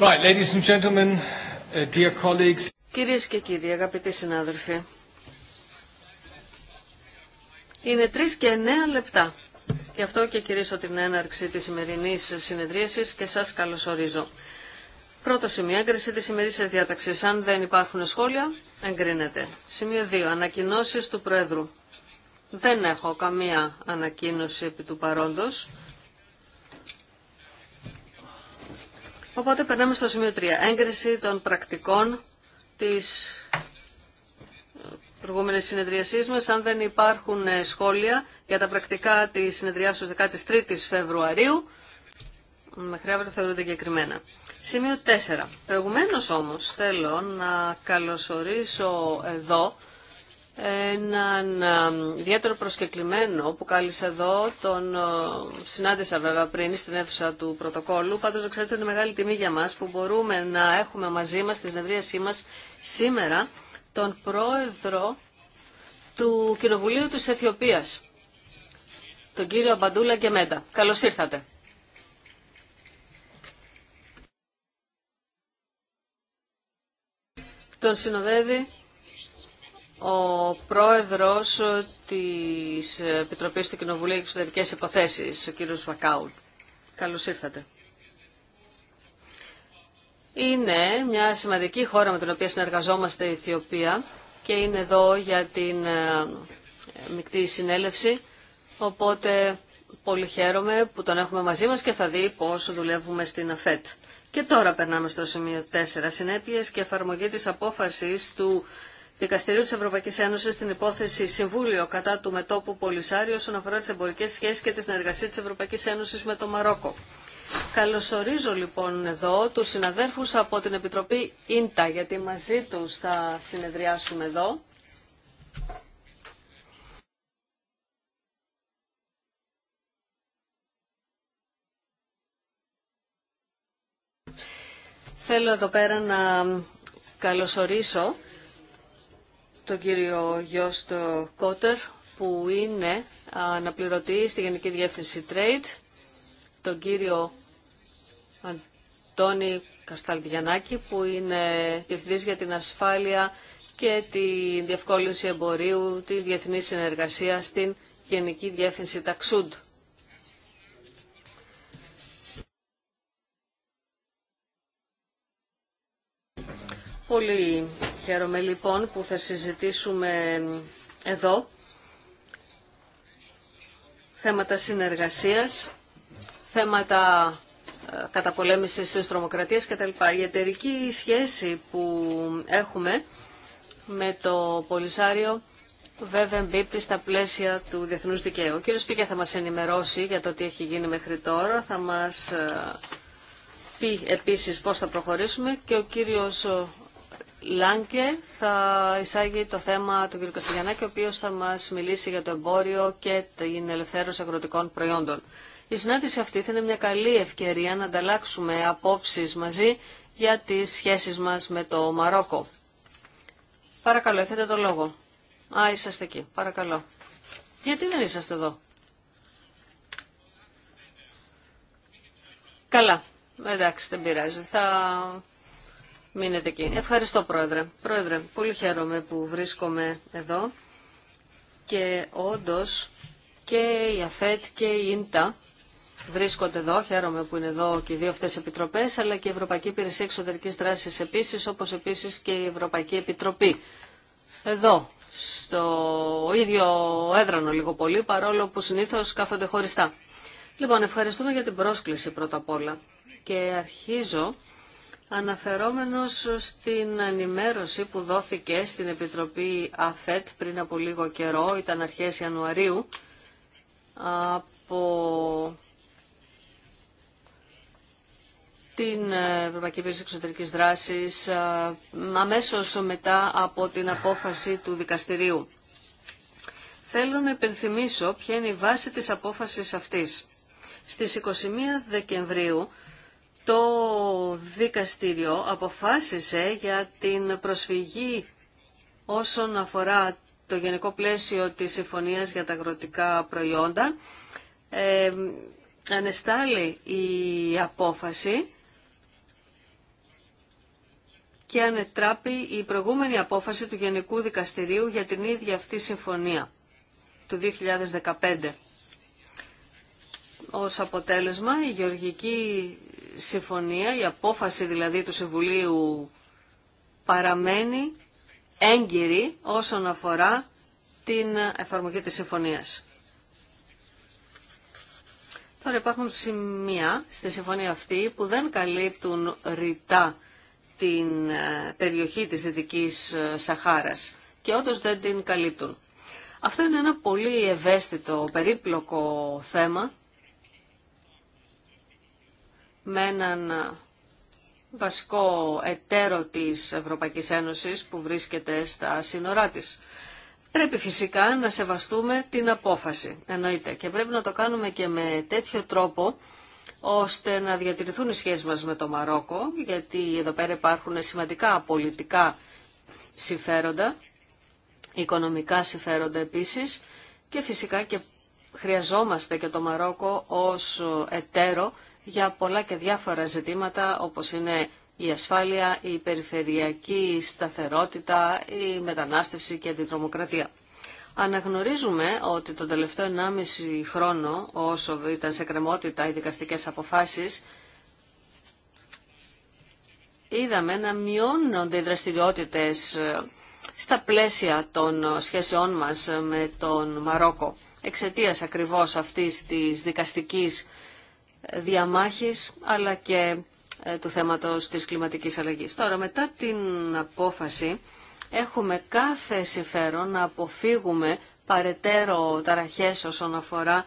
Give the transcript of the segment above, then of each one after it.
Right, uh, Κυρίες και κύριοι, αγαπητοί συνάδελφοι, είναι τρεις και εννέα λεπτά. Γι' αυτό και κυρίσω την έναρξη της σημερινής συνεδρίασης και σας καλωσορίζω. Πρώτο σημείο, έγκριση της σημερινής διάταξης. Αν δεν υπάρχουν σχόλια, εγκρίνεται. Σημείο 2, ανακοινώσεις του Προέδρου. Δεν έχω καμία ανακοίνωση επί του παρόντος. Οπότε περνάμε στο σημείο 3. Έγκριση των πρακτικών της προηγούμενης συνεδριασής μας. Αν δεν υπάρχουν ε, σχόλια για τα πρακτικά της συνεδριάσεως 13 Φεβρουαρίου, μέχρι αύριο θεωρούνται εγκεκριμένα. Σημείο 4. Προηγουμένως όμως θέλω να καλωσορίσω εδώ έναν ιδιαίτερο προσκεκλημένο που κάλεσε εδώ, τον ε, συνάντησα βέβαια πριν στην αίθουσα του πρωτοκόλλου, πάντως να ξέρετε είναι μεγάλη τιμή για μας που μπορούμε να έχουμε μαζί μας στη συνεδρίασή μας σήμερα τον πρόεδρο του Κοινοβουλίου της Αιθιοπίας, τον κύριο Αμπαντούλα και Καλώς ήρθατε. Τον συνοδεύει ο πρόεδρος της Επιτροπής του Κοινοβουλίου Εξωτερικές Υποθέσεις, ο κύριος Βακάουλ. Καλώς ήρθατε. Είναι μια σημαντική χώρα με την οποία συνεργαζόμαστε η Αιθιοπία και είναι εδώ για την ε, μεικτή συνέλευση, οπότε πολύ χαίρομαι που τον έχουμε μαζί μας και θα δει πώς δουλεύουμε στην ΑΦΕΤ. Και τώρα περνάμε στο σημείο 4. Συνέπειες και εφαρμογή της απόφασης του Δικαστηρίου τη Ευρωπαϊκή Ένωση στην υπόθεση Συμβούλιο κατά του μετόπου Πολυσάριου όσον αφορά τι εμπορικέ σχέσει και τη συνεργασία τη Ευρωπαϊκή Ένωση με το Μαρόκο. Καλωσορίζω λοιπόν εδώ του συναδέλφου από την Επιτροπή Ίντα γιατί μαζί του θα συνεδριάσουμε εδώ. Θέλω εδώ πέρα να καλωσορίσω τον κύριο Γιώστο Κότερ που είναι αναπληρωτή στη Γενική Διεύθυνση Trade, τον κύριο Αντώνη Κασταλδιανάκη που είναι διευθυντής για την ασφάλεια και τη διευκόλυνση εμπορίου, τη διεθνή συνεργασία στην Γενική Διεύθυνση Ταξούντ. Πολύ Χαίρομαι λοιπόν που θα συζητήσουμε εδώ θέματα συνεργασίας, θέματα ε, καταπολέμησης της τρομοκρατίας κτλ. Η εταιρική σχέση που έχουμε με το Πολυσάριο βέβαια εμπίπτει στα πλαίσια του διεθνούς δικαίου. Ο κύριος Πίκια θα μας ενημερώσει για το τι έχει γίνει μέχρι τώρα, θα μας ε, πει επίσης πώς θα προχωρήσουμε και ο κύριος ε, Λάνκε θα εισάγει το θέμα του κ. Καστιγιανάκη, ο οποίος θα μας μιλήσει για το εμπόριο και την ελευθέρωση αγροτικών προϊόντων. Η συνάντηση αυτή θα είναι μια καλή ευκαιρία να ανταλλάξουμε απόψεις μαζί για τις σχέσεις μας με το Μαρόκο. Παρακαλώ, έχετε το λόγο. Α, είσαστε εκεί. Παρακαλώ. Γιατί δεν είσαστε εδώ. Καλά. Εντάξει, δεν πειράζει. Θα μείνετε εκεί. Ευχαριστώ Πρόεδρε. Πρόεδρε, πολύ χαίρομαι που βρίσκομαι εδώ και όντως και η ΑΦΕΤ και η ΙΝΤΑ βρίσκονται εδώ. Χαίρομαι που είναι εδώ και οι δύο αυτές επιτροπές, αλλά και η Ευρωπαϊκή Υπηρεσία Εξωτερικής Δράσης επίσης, όπως επίσης και η Ευρωπαϊκή Επιτροπή. Εδώ, στο ίδιο έδρανο λίγο πολύ, παρόλο που συνήθως κάθονται χωριστά. Λοιπόν, ευχαριστούμε για την πρόσκληση πρώτα απ' όλα. Και αρχίζω Αναφερόμενος στην ενημέρωση που δόθηκε στην Επιτροπή ΑΦΕΤ πριν από λίγο καιρό, ήταν αρχές Ιανουαρίου, από την Ευρωπαϊκή Πίεση Εξωτερικής Δράσης αμέσως μετά από την απόφαση του δικαστηρίου. Θέλω να υπενθυμίσω ποια είναι η βάση της απόφασης αυτής. Στις 21 Δεκεμβρίου το δικαστήριο αποφάσισε για την προσφυγή όσον αφορά το γενικό πλαίσιο της συμφωνίας για τα αγροτικά προϊόντα. Ε, ανεστάλλει η απόφαση και ανετράπει η προηγούμενη απόφαση του Γενικού Δικαστηρίου για την ίδια αυτή συμφωνία του 2015. Ως αποτέλεσμα, η γεωργική συμφωνία, η απόφαση δηλαδή του Συμβουλίου παραμένει έγκυρη όσον αφορά την εφαρμογή της συμφωνίας. Τώρα υπάρχουν σημεία στη συμφωνία αυτή που δεν καλύπτουν ρητά την ε, περιοχή της Δυτικής ε, Σαχάρας και όντως δεν την καλύπτουν. Αυτό είναι ένα πολύ ευαίσθητο, περίπλοκο θέμα με έναν βασικό εταίρο της Ευρωπαϊκής Ένωσης που βρίσκεται στα σύνορά της. Πρέπει φυσικά να σεβαστούμε την απόφαση, εννοείται, και πρέπει να το κάνουμε και με τέτοιο τρόπο ώστε να διατηρηθούν οι σχέσεις μας με το Μαρόκο, γιατί εδώ πέρα υπάρχουν σημαντικά πολιτικά συμφέροντα, οικονομικά συμφέροντα επίσης και φυσικά και χρειαζόμαστε και το Μαρόκο ως εταίρο για πολλά και διάφορα ζητήματα όπως είναι η ασφάλεια, η περιφερειακή σταθερότητα, η μετανάστευση και η αντιτρομοκρατία. Αναγνωρίζουμε ότι τον τελευταίο 1,5 χρόνο όσο ήταν σε κρεμότητα οι δικαστικές αποφάσεις είδαμε να μειώνονται οι δραστηριότητες ε, στα πλαίσια των σχέσεών μας με τον Μαρόκο εξαιτίας ακριβώς αυτής της δικαστικής διαμάχης αλλά και ε, του θέματος της κλιματικής αλλαγής. Τώρα μετά την απόφαση έχουμε κάθε συμφέρον να αποφύγουμε παρετέρω ταραχές όσον αφορά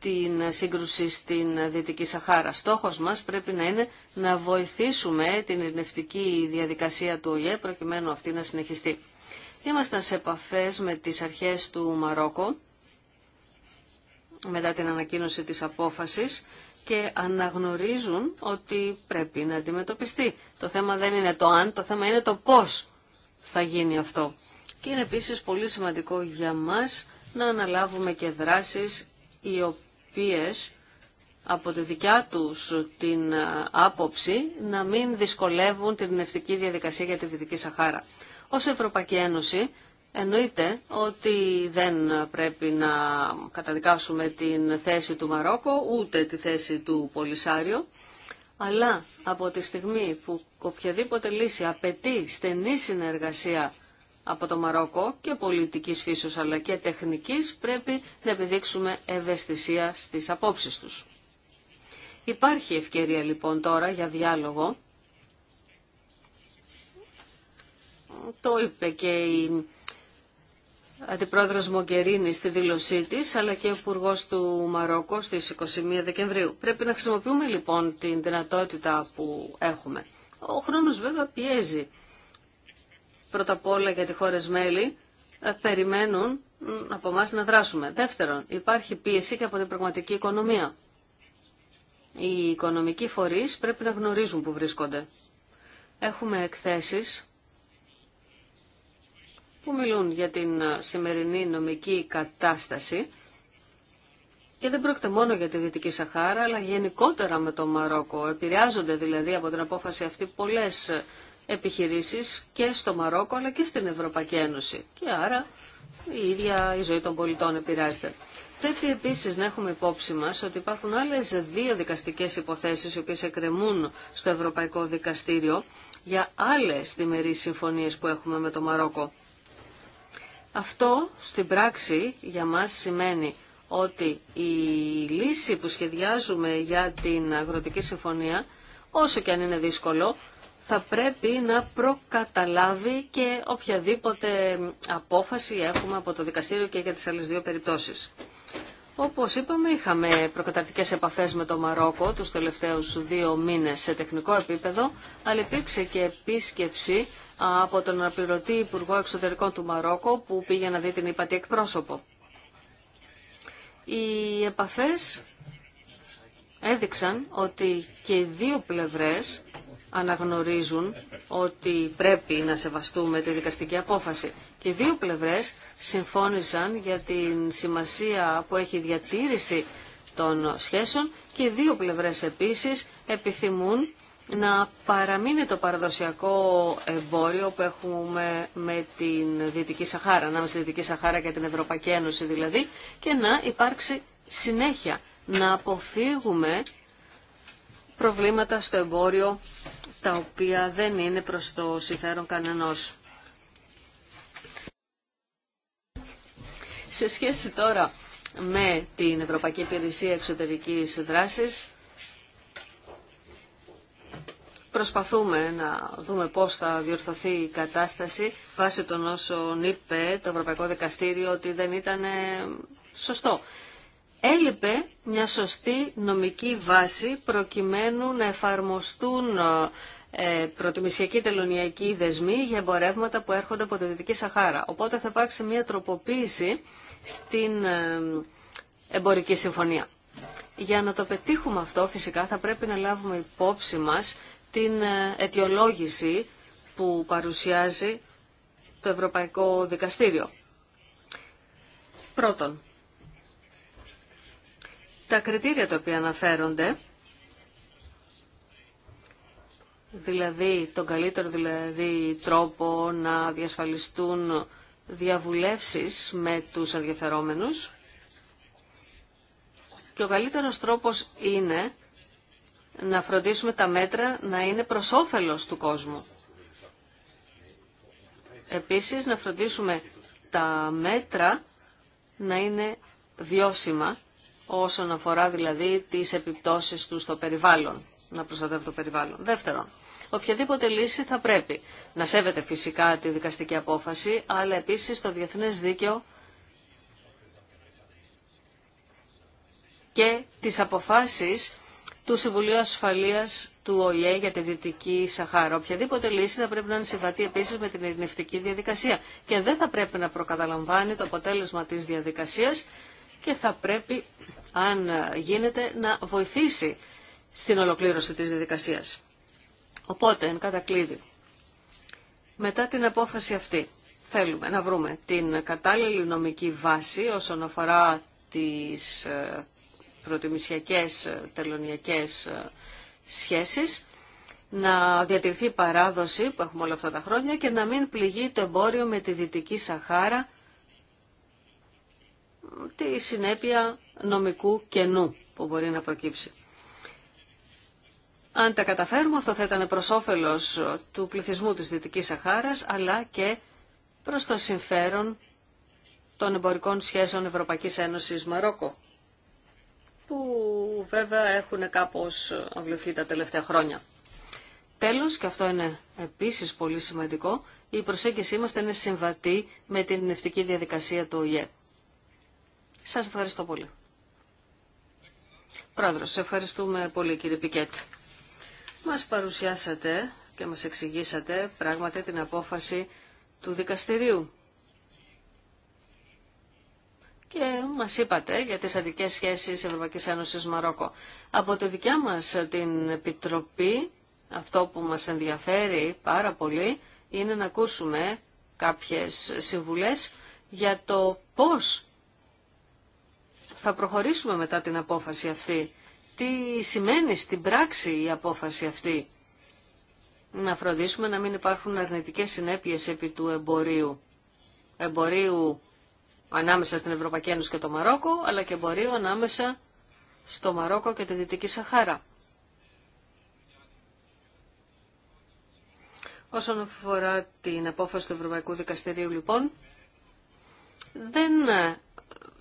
την σύγκρουση στην Δυτική Σαχάρα. Στόχος μας πρέπει να είναι να βοηθήσουμε την ειρνευτική διαδικασία του ΟΗΕ προκειμένου αυτή να συνεχιστεί. Ήμασταν σε επαφές με τις αρχές του Μαρόκο μετά την ανακοίνωση της απόφασης και αναγνωρίζουν ότι πρέπει να αντιμετωπιστεί. Το θέμα δεν είναι το αν, το θέμα είναι το πώς θα γίνει αυτό. Και είναι επίσης πολύ σημαντικό για μας να αναλάβουμε και δράσεις οι οποίες από τη δικιά τους την ε, άποψη να μην δυσκολεύουν την πνευτική διαδικασία για τη Δυτική Σαχάρα. Ως Ευρωπαϊκή Ένωση Εννοείται ότι δεν πρέπει να καταδικάσουμε την θέση του Μαρόκο, ούτε τη θέση του Πολυσάριο, αλλά από τη στιγμή που οποιαδήποτε λύση απαιτεί στενή συνεργασία από το Μαρόκο και πολιτικής φύσεως αλλά και τεχνικής πρέπει να επιδείξουμε ευαισθησία στις απόψεις τους. Υπάρχει ευκαιρία λοιπόν τώρα για διάλογο. Το είπε και η Αντιπρόεδρος Μογκερίνη στη δήλωσή της, αλλά και ο υπουργό του Μαρόκο στις 21 Δεκεμβρίου. Πρέπει να χρησιμοποιούμε λοιπόν την δυνατότητα που έχουμε. Ο χρόνος βέβαια πιέζει. Πρώτα απ' όλα γιατί χώρες μέλη ε, περιμένουν από εμά να δράσουμε. Δεύτερον, υπάρχει πίεση και από την πραγματική οικονομία. Οι οικονομικοί φορείς πρέπει να γνωρίζουν που βρίσκονται. Έχουμε εκθέσεις που μιλούν για την ε, σημερινή νομική κατάσταση και δεν πρόκειται μόνο για τη Δυτική Σαχάρα, αλλά γενικότερα με το Μαρόκο. Επηρεάζονται δηλαδή από την απόφαση αυτή πολλές ε, επιχειρήσεις και στο Μαρόκο, αλλά και στην Ευρωπαϊκή Ένωση. Και άρα η ίδια η ζωή των πολιτών επηρεάζεται. Πρέπει επίσης να έχουμε υπόψη μας ότι υπάρχουν άλλες δύο δικαστικές υποθέσεις οι οποίες εκκρεμούν στο Ευρωπαϊκό Δικαστήριο για άλλες διμερείς συμφωνίες που έχουμε με το Μαρόκο. Αυτό στην πράξη για μας σημαίνει ότι η λύση που σχεδιάζουμε για την Αγροτική Συμφωνία, όσο και αν είναι δύσκολο, θα πρέπει να προκαταλάβει και οποιαδήποτε απόφαση έχουμε από το δικαστήριο και για τις άλλες δύο περιπτώσεις. Όπως είπαμε, είχαμε προκαταρτικές επαφές με το Μαρόκο τους τελευταίους δύο μήνες σε τεχνικό επίπεδο, αλλά υπήρξε και επίσκεψη από τον αναπληρωτή Υπουργό Εξωτερικών του Μαρόκο που πήγε να δει την υπατή εκπρόσωπο. Οι επαφές έδειξαν ότι και οι δύο πλευρές αναγνωρίζουν ότι πρέπει να σεβαστούμε τη δικαστική απόφαση. Και οι δύο πλευρές συμφώνησαν για την σημασία που έχει η διατήρηση των σχέσεων και οι δύο πλευρές επίσης επιθυμούν να παραμείνει το παραδοσιακό εμπόριο που έχουμε με την Δυτική Σαχάρα, ανάμεσα στη Δυτική Σαχάρα και την Ευρωπαϊκή Ένωση δηλαδή, και να υπάρξει συνέχεια, να αποφύγουμε προβλήματα στο εμπόριο τα οποία δεν είναι προς το συμφέρον κανενός. Σε σχέση τώρα με την Ευρωπαϊκή Υπηρεσία Εξωτερικής Δράσης, προσπαθούμε να δούμε πώς θα διορθωθεί η κατάσταση βάσει των όσων είπε το Ευρωπαϊκό Δικαστήριο ότι δεν ήταν ε, σωστό έλειπε μια σωστή νομική βάση προκειμένου να εφαρμοστούν ε, προτιμησιακοί τελωνιακοί δεσμοί για εμπορεύματα που έρχονται από τη Δυτική Σαχάρα. Οπότε θα υπάρξει μια τροποποίηση στην ε, εμπορική συμφωνία. Για να το πετύχουμε αυτό φυσικά θα πρέπει να λάβουμε υπόψη μας την ε, αιτιολόγηση που παρουσιάζει το Ευρωπαϊκό Δικαστήριο. Πρώτον, τα κριτήρια τα οποία αναφέρονται, δηλαδή τον καλύτερο δηλαδή, τρόπο να διασφαλιστούν διαβουλεύσεις με τους ενδιαφερόμενους και ο καλύτερος τρόπος είναι να φροντίσουμε τα μέτρα να είναι προς όφελος του κόσμου. Επίσης να φροντίσουμε τα μέτρα να είναι βιώσιμα όσον αφορά δηλαδή τις επιπτώσεις του στο περιβάλλον, να προστατεύει το περιβάλλον. Δεύτερον, οποιαδήποτε λύση θα πρέπει να σέβεται φυσικά τη δικαστική απόφαση, αλλά επίσης το διεθνές δίκαιο και τις αποφάσεις του Συμβουλίου Ασφαλείας του ΟΗΕ για τη Δυτική Σαχάρα. Οποιαδήποτε λύση θα πρέπει να είναι συμβατή επίσης με την ειρηνευτική διαδικασία και δεν θα πρέπει να προκαταλαμβάνει το αποτέλεσμα της διαδικασίας και θα πρέπει αν γίνεται, να βοηθήσει στην ολοκλήρωση της διαδικασίας. Οπότε, εν κατακλείδη, μετά την απόφαση αυτή, θέλουμε να βρούμε την κατάλληλη νομική βάση όσον αφορά τις ε, προτιμησιακές ε, τελωνιακές ε, σχέσεις, να διατηρηθεί η παράδοση που έχουμε όλα αυτά τα χρόνια και να μην πληγεί το εμπόριο με τη Δυτική Σαχάρα τη συνέπεια νομικού κενού που μπορεί να προκύψει. Αν τα καταφέρουμε, αυτό θα ήταν προς όφελος του πληθυσμού της Δυτικής Σαχάρας, αλλά και προς το συμφέρον των εμπορικών σχέσεων Ευρωπαϊκής Ένωσης Μαρόκο, που βέβαια έχουν κάπως αυλωθεί τα τελευταία χρόνια. Τέλος, και αυτό είναι επίσης πολύ σημαντικό, η προσέγγιση μας είναι συμβατή με την νευτική διαδικασία του ΟΙΕ. Σας ευχαριστώ πολύ. Πρόεδρος, ευχαριστούμε πολύ κύριε Πικέτ. Μας παρουσιάσατε και μας εξηγήσατε πράγματι την απόφαση του δικαστηρίου. Και μας είπατε για τις αδικές σχέσεις Ευρωπαϊκής Ένωσης Μαρόκο. Από τη δικιά μας την Επιτροπή, αυτό που μας ενδιαφέρει πάρα πολύ, είναι να ακούσουμε κάποιες συμβουλές για το πώς θα προχωρήσουμε μετά την απόφαση αυτή. Τι σημαίνει στην πράξη η απόφαση αυτή. Να φροντίσουμε να μην υπάρχουν αρνητικές συνέπειες επί του εμπορίου. Εμπορίου ανάμεσα στην Ευρωπαϊκή Ένωση και το Μαρόκο, αλλά και εμπορίου ανάμεσα στο Μαρόκο και τη Δυτική Σαχάρα. Όσον αφορά την απόφαση του Ευρωπαϊκού Δικαστηρίου, λοιπόν, δεν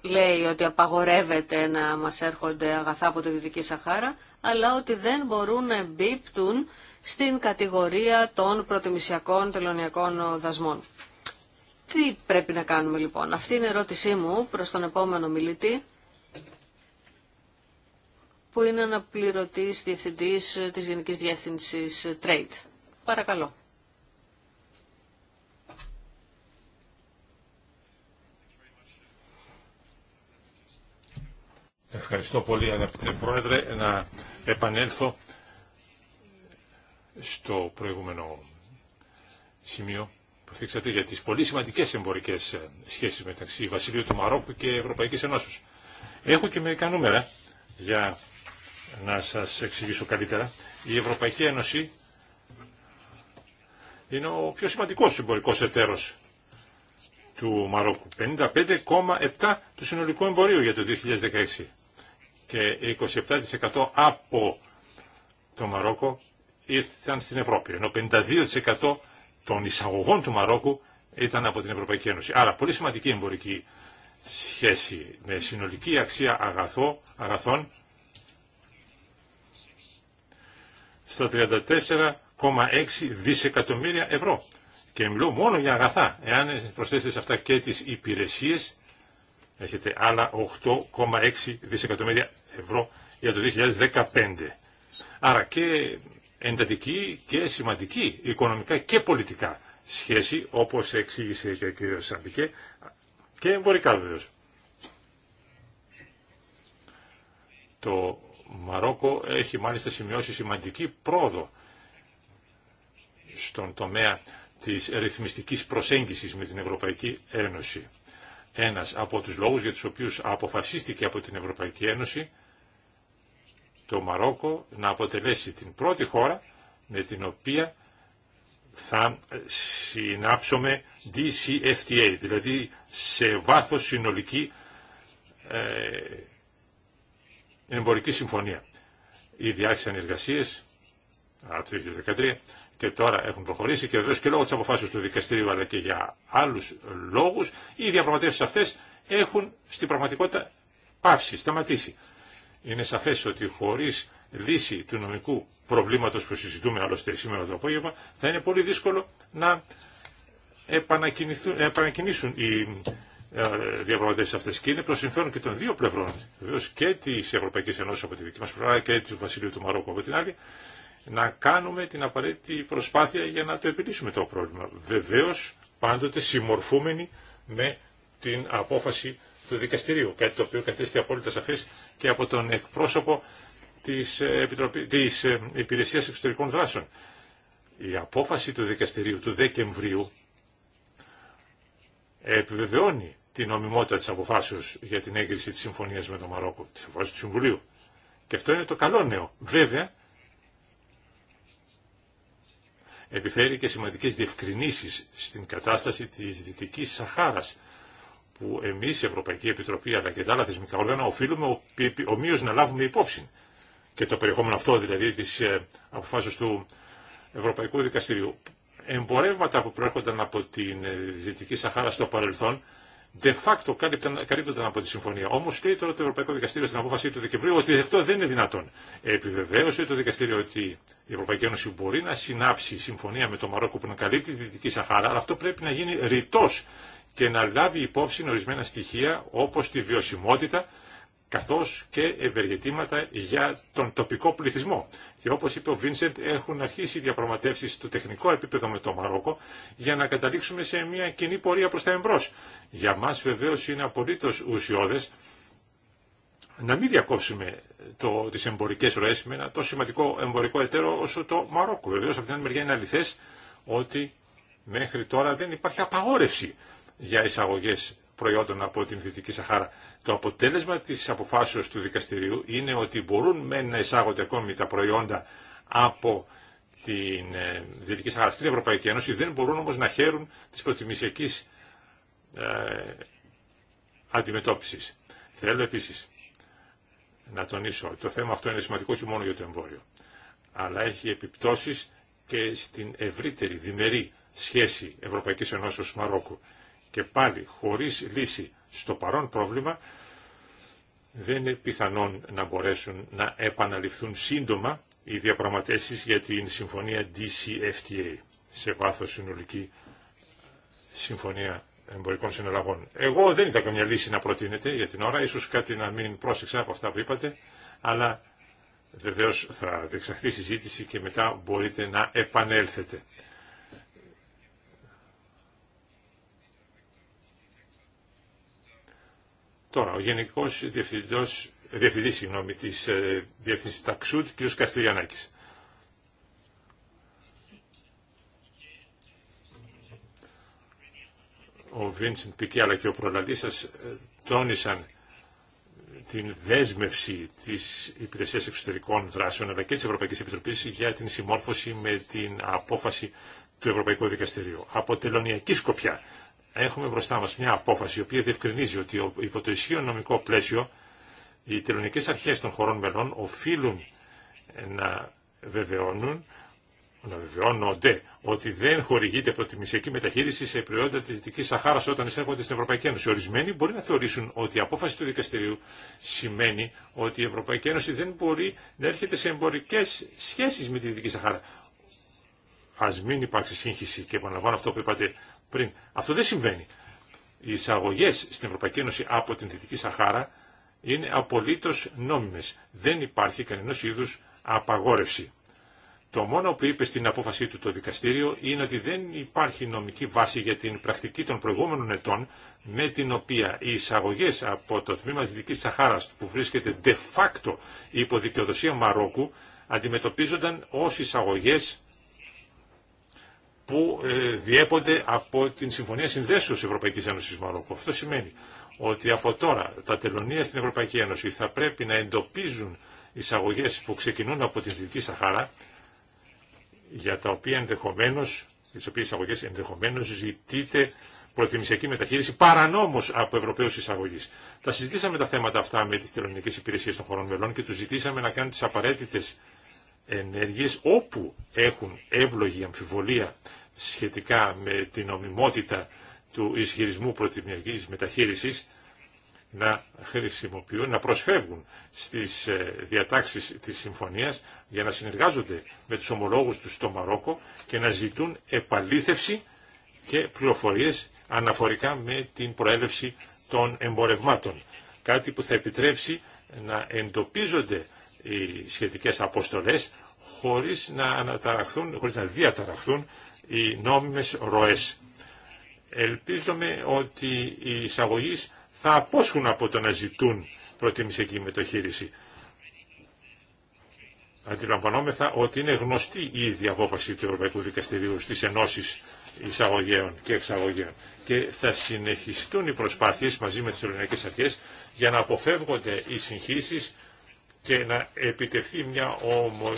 λέει ότι απαγορεύεται να μας έρχονται αγαθά από τη Δυτική Σαχάρα, αλλά ότι δεν μπορούν να εμπίπτουν στην κατηγορία των προτιμησιακών τελωνιακών δασμών. Τι πρέπει να κάνουμε λοιπόν. Αυτή είναι η ερώτησή μου προς τον επόμενο μιλητή, που είναι αναπληρωτής διευθυντής της Γενικής Διεύθυνσης Trade. Παρακαλώ. Ευχαριστώ πολύ, αγαπητέ Πρόεδρε, να επανέλθω στο προηγούμενο σημείο που θίξατε για τις πολύ σημαντικές εμπορικές σχέσεις μεταξύ Βασιλείου του Μαρόκου και Ευρωπαϊκής Ενώσεως. Έχω και μερικά νούμερα για να σας εξηγήσω καλύτερα. Η Ευρωπαϊκή Ένωση είναι ο πιο σημαντικός εμπορικός εταίρος του Μαρόκου. 55,7 του συνολικού εμπορίου για το 2016 και 27% από το Μαρόκο ήρθαν στην Ευρώπη, ενώ 52% των εισαγωγών του Μαρόκου ήταν από την Ευρωπαϊκή Ένωση. Άρα πολύ σημαντική εμπορική σχέση με συνολική αξία αγαθό, αγαθών στα 34,6 δισεκατομμύρια ευρώ. Και μιλώ μόνο για αγαθά. Εάν προσθέσετε σε αυτά και τις υπηρεσίες, έχετε άλλα 8,6 δισεκατομμύρια ευρώ για το 2015. Άρα και εντατική και σημαντική οικονομικά και πολιτικά σχέση, όπως εξήγησε και ο κ. Σαμπικέ, και εμπορικά βεβαίω. Το Μαρόκο έχει μάλιστα σημειώσει σημαντική πρόοδο στον τομέα της ρυθμιστικής προσέγγισης με την Ευρωπαϊκή Ένωση. Ένας από τους λόγους για τους οποίους αποφασίστηκε από την Ευρωπαϊκή Ένωση το Μαρόκο να αποτελέσει την πρώτη χώρα με την οποία θα συνάψουμε DCFTA, δηλαδή σε βάθος συνολική ε, εμπορική συμφωνία. Ήδη άρχισαν οι εργασίες από το 2013 και τώρα έχουν προχωρήσει και βεβαίω και λόγω της αποφάσεως του δικαστηρίου αλλά και για άλλους λόγους οι διαπραγματεύσεις αυτές έχουν στην πραγματικότητα πάυσει, σταματήσει. Είναι σαφές ότι χωρίς λύση του νομικού προβλήματος που συζητούμε άλλωστε σήμερα το απόγευμα, θα είναι πολύ δύσκολο να επανακινήσουν οι ε, διαπραγματεύσει αυτέ. Και είναι προ συμφέρον και των δύο πλευρών, βεβαίω και τη Ευρωπαϊκή Ενώση από τη δική μα πλευρά και του Βασιλείου του Μαρόκου από την άλλη, να κάνουμε την απαραίτητη προσπάθεια για να το επιλύσουμε το πρόβλημα. Βεβαίω πάντοτε συμμορφούμενοι με την απόφαση του δικαστηρίου, κάτι το οποίο καθίστε απόλυτα σαφής και από τον εκπρόσωπο της, ε, Επιτροπή, της ε, Υπηρεσίας Εξωτερικών Δράσεων. Η απόφαση του δικαστηρίου του Δεκεμβρίου επιβεβαιώνει την νομιμότητα της αποφάσεως για την έγκριση της συμφωνίας με το Μαρόκο, της αποφάσεως του Συμβουλίου. Και αυτό είναι το καλό νέο. Βέβαια, επιφέρει και σημαντικές διευκρινήσεις στην κατάσταση της Δυτικής Σαχάρας, που εμείς, η Ευρωπαϊκή Επιτροπή αλλά και τα άλλα θεσμικά όργανα οφείλουμε ομοίω να λάβουμε υπόψη. Και το περιεχόμενο αυτό δηλαδή της ε, αποφάσεως του Ευρωπαϊκού Δικαστηρίου. Εμπορεύματα που προέρχονταν από τη ε, Δυτική Σαχάρα στο παρελθόν de facto καλύπτονταν από τη συμφωνία. Όμω λέει τώρα το Ευρωπαϊκό Δικαστήριο στην απόφαση του Δεκεμβρίου ότι αυτό δεν είναι δυνατόν. Επιβεβαίωσε το Δικαστήριο ότι η Ευρωπαϊκή Ένωση μπορεί να συνάψει συμφωνία με το Μαρόκο που να καλύπτει τη Δυτική Σαχάρα, αλλά αυτό πρέπει να γίνει ρητό και να λάβει υπόψη ορισμένα στοιχεία όπως τη βιωσιμότητα καθώς και ευεργετήματα για τον τοπικό πληθυσμό. Και όπως είπε ο Βίνσεντ έχουν αρχίσει οι διαπραγματεύσεις στο τεχνικό επίπεδο με το Μαρόκο για να καταλήξουμε σε μια κοινή πορεία προς τα εμπρός. Για μας βεβαίως είναι απολύτως ουσιώδες να μην διακόψουμε το, τις εμπορικές ροές με ένα τόσο σημαντικό εμπορικό εταίρο όσο το Μαρόκο. Βεβαίως από την άλλη μεριά είναι αληθές ότι μέχρι τώρα δεν υπάρχει απαγόρευση για εισαγωγέ προϊόντων από την Δυτική Σαχάρα. Το αποτέλεσμα τη αποφάσεως του δικαστηρίου είναι ότι μπορούν μεν να εισάγονται ακόμη τα προϊόντα από την ε, Δυτική Σαχάρα στην Ευρωπαϊκή Ένωση, δεν μπορούν όμω να χαίρουν τη προτιμησιακή ε, Θέλω επίση να τονίσω ότι το θέμα αυτό είναι σημαντικό όχι μόνο για το εμπόριο, αλλά έχει επιπτώσει και στην ευρύτερη διμερή σχέση Ευρωπαϊκής Ενώσεως Μαρόκου και πάλι χωρίς λύση στο παρόν πρόβλημα δεν είναι πιθανόν να μπορέσουν να επαναληφθούν σύντομα οι διαπραγματεύσεις για την συμφωνία DCFTA σε βάθος συνολική συμφωνία εμπορικών συναλλαγών. Εγώ δεν είδα καμιά λύση να προτείνετε για την ώρα, ίσως κάτι να μην πρόσεξα από αυτά που είπατε, αλλά βεβαίως θα διεξαχθεί συζήτηση και μετά μπορείτε να επανέλθετε. Τώρα, ο Γενικό διευθυντή Διευθυντής της ε, Ταξούτ, κ. Καστηριανάκη. Ο Βίνσεντ Πικέ αλλά και ο προλαλή σα, ε, τόνισαν την δέσμευση της Υπηρεσίας Εξωτερικών Δράσεων αλλά και τη Ευρωπαϊκής Επιτροπής για την συμμόρφωση με την απόφαση του Ευρωπαϊκού Δικαστηρίου. Από τελωνιακή σκοπιά έχουμε μπροστά μας μια απόφαση η οποία διευκρινίζει ότι υπό το ισχύον νομικό πλαίσιο οι τελωνικές αρχές των χωρών μελών οφείλουν να βεβαιώνουν να βεβαιώνονται ότι δεν χορηγείται προτιμησιακή μεταχείριση σε προϊόντα τη Δυτική Σαχάρα όταν εισέρχονται στην Ευρωπαϊκή Ένωση. Ορισμένοι μπορεί να θεωρήσουν ότι η απόφαση του δικαστηρίου σημαίνει ότι η Ευρωπαϊκή Ένωση δεν μπορεί να έρχεται σε εμπορικέ σχέσει με τη Δυτική Σαχάρα. Α μην υπάρξει σύγχυση και επαναλαμβάνω αυτό που είπατε πριν. Αυτό δεν συμβαίνει. Οι εισαγωγέ στην Ευρωπαϊκή Ένωση από την Δυτική Σαχάρα είναι απολύτω νόμιμε. Δεν υπάρχει κανένα είδου απαγόρευση. Το μόνο που είπε στην απόφασή του το δικαστήριο είναι ότι δεν υπάρχει νομική βάση για την πρακτική των προηγούμενων ετών με την οποία οι εισαγωγέ από το τμήμα τη Δυτική Σαχάρα που βρίσκεται de facto υπό δικαιοδοσία Μαρόκου αντιμετωπίζονταν ω εισαγωγέ που ε, διέπονται από την Συμφωνία Συνδέσεως Ευρωπαϊκής Ένωση Μαρόκου. Αυτό σημαίνει ότι από τώρα τα τελωνία στην Ευρωπαϊκή Ένωση θα πρέπει να εντοπίζουν εισαγωγέ που ξεκινούν από την Δυτική Σαχάρα, για τα οποία ενδεχομένως, τις οποίες εισαγωγές ενδεχομένως ζητείται προτιμησιακή μεταχείριση παρανόμω από Ευρωπαίου εισαγωγή. Τα συζητήσαμε τα θέματα αυτά με τις τελωνικές υπηρεσίες των χωρών μελών και του ζητήσαμε να κάνουν τι απαραίτητες ενέργειες όπου έχουν εύλογη αμφιβολία σχετικά με την ομιμότητα του ισχυρισμού προτιμιακής μεταχείρισης να χρησιμοποιούν, να προσφεύγουν στις ε, διατάξεις της συμφωνίας για να συνεργάζονται με τους ομολόγους τους στο Μαρόκο και να ζητούν επαλήθευση και πληροφορίες αναφορικά με την προέλευση των εμπορευμάτων. Κάτι που θα επιτρέψει να εντοπίζονται οι σχετικές αποστολές χωρίς να, αναταραχθούν, χωρίς να διαταραχθούν οι νόμιμες ροές. Ελπίζομαι ότι οι εισαγωγεί θα απόσχουν από το να ζητούν προτιμησιακή μεταχείριση. Αντιλαμβανόμεθα ότι είναι γνωστή η ίδια απόφαση του Ευρωπαϊκού Δικαστηρίου στις ενώσεις εισαγωγέων και εξαγωγέων και θα συνεχιστούν οι προσπάθειες μαζί με τις ελληνικές αρχές για να αποφεύγονται οι συγχύσεις και να επιτευχθεί μια ομο,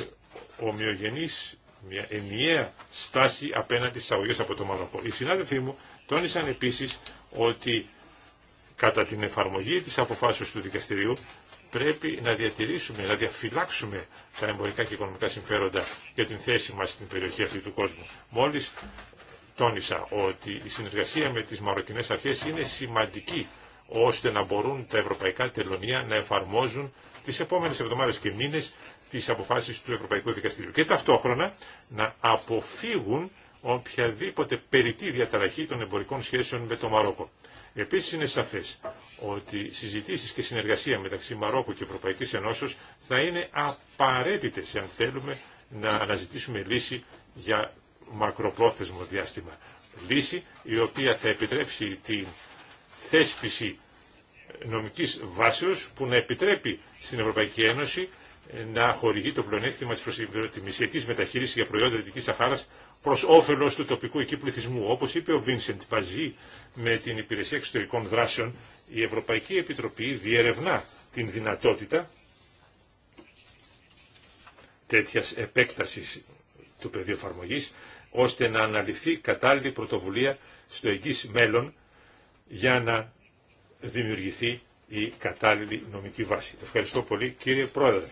ομοιογενής μια ενιαία στάση απέναντι στις αγωγές από το Μαρόκο. Οι συνάδελφοί μου τόνισαν επίσης ότι κατά την εφαρμογή της αποφάσεως του δικαστηρίου πρέπει να διατηρήσουμε, να διαφυλάξουμε τα εμπορικά και οικονομικά συμφέροντα για την θέση μας στην περιοχή αυτή του κόσμου. Μόλις τόνισα ότι η συνεργασία με τις μαροκινές αρχές είναι σημαντική ώστε να μπορούν τα ευρωπαϊκά τελωνία να εφαρμόζουν τις επόμενες εβδομάδες και μήνες τις αποφάσεις του Ευρωπαϊκού Δικαστηρίου και ταυτόχρονα να αποφύγουν οποιαδήποτε περιττή διαταραχή των εμπορικών σχέσεων με το Μαρόκο. Επίσης είναι σαφές ότι συζητήσεις και συνεργασία μεταξύ Μαρόκου και Ευρωπαϊκής Ένωσης... θα είναι απαραίτητες αν θέλουμε να αναζητήσουμε λύση για μακροπρόθεσμο διάστημα. Λύση η οποία θα επιτρέψει τη θέσπιση νομικής βάσεως που να επιτρέπει στην Ευρωπαϊκή Ένωση ε, να χορηγεί το πλεονέκτημα της προσημεροτιμησιακής μεταχείρισης για προϊόντα Δυτικής Σαχάρας προς όφελος του τοπικού εκεί πληθυσμού. Όπως είπε ο Βίνσεντ, μαζί με την Υπηρεσία Εξωτερικών Δράσεων, η Ευρωπαϊκή Επιτροπή διερευνά την δυνατότητα τέτοιας επέκτασης του πεδίου εφαρμογή, ώστε να αναλυθεί κατάλληλη πρωτοβουλία στο εγγύς μέλλον για να δημιουργηθεί η κατάλληλη νομική βάση. Ευχαριστώ πολύ κύριε Πρόεδρε.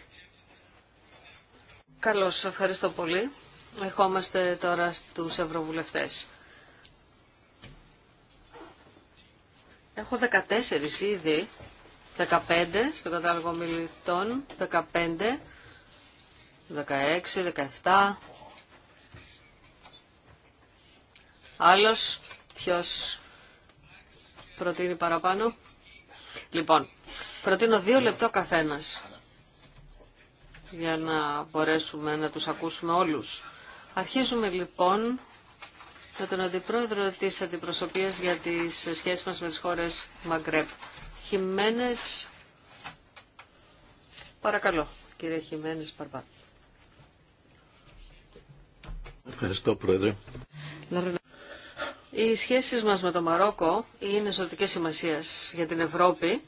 Καλώς, ευχαριστώ πολύ. Ερχόμαστε τώρα στου ευρωβουλευτέ. Έχω 14 ήδη, 15 στον κατάλογο μιλητών, 15, 16, 17. Άλλος, ποιος προτείνει παραπάνω. Λοιπόν, προτείνω δύο λεπτό καθένας για να μπορέσουμε να τους ακούσουμε όλους. Αρχίζουμε λοιπόν με τον Αντιπρόεδρο της Αντιπροσωπείας για τις σχέσεις μας με τις χώρες Μαγκρέπ. Χιμένες, παρακαλώ, κύριε Χιμένες Παρπά. Ευχαριστώ, Πρόεδρε. Οι σχέσεις μας με το Μαρόκο είναι ζωτικές σημασίας για την Ευρώπη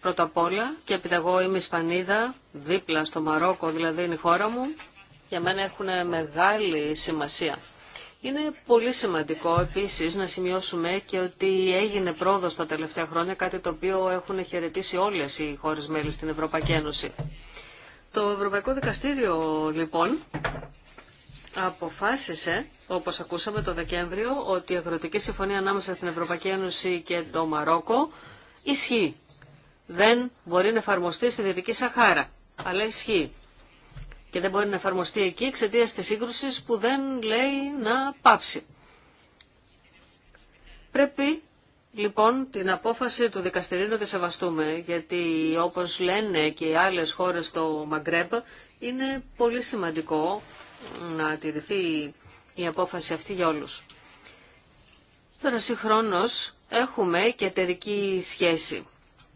Πρώτα απ' όλα, και επειδή εγώ είμαι Ισπανίδα, δίπλα στο Μαρόκο, δηλαδή είναι η χώρα μου, για μένα έχουν μεγάλη σημασία. Είναι πολύ σημαντικό επίσης να σημειώσουμε και ότι έγινε πρόοδος τα τελευταία χρόνια, κάτι το οποίο έχουν χαιρετήσει όλες οι χώρες μέλη στην Ευρωπαϊκή Ένωση. Το Ευρωπαϊκό Δικαστήριο λοιπόν αποφάσισε, όπως ακούσαμε το Δεκέμβριο, ότι η Αγροτική Συμφωνία ανάμεσα στην Ευρωπαϊκή Ένωση και το Μαρόκο ισχύει δεν μπορεί να εφαρμοστεί στη Δυτική Σαχάρα. Αλλά ισχύει. Και δεν μπορεί να εφαρμοστεί εκεί εξαιτία τη σύγκρουση που δεν λέει να πάψει. Πρέπει λοιπόν την απόφαση του δικαστηρίου να τη σεβαστούμε, γιατί όπως λένε και οι άλλες χώρες στο Μαγκρέμπ, είναι πολύ σημαντικό να τηρηθεί η απόφαση αυτή για όλους. Τώρα συγχρόνως έχουμε και εταιρική σχέση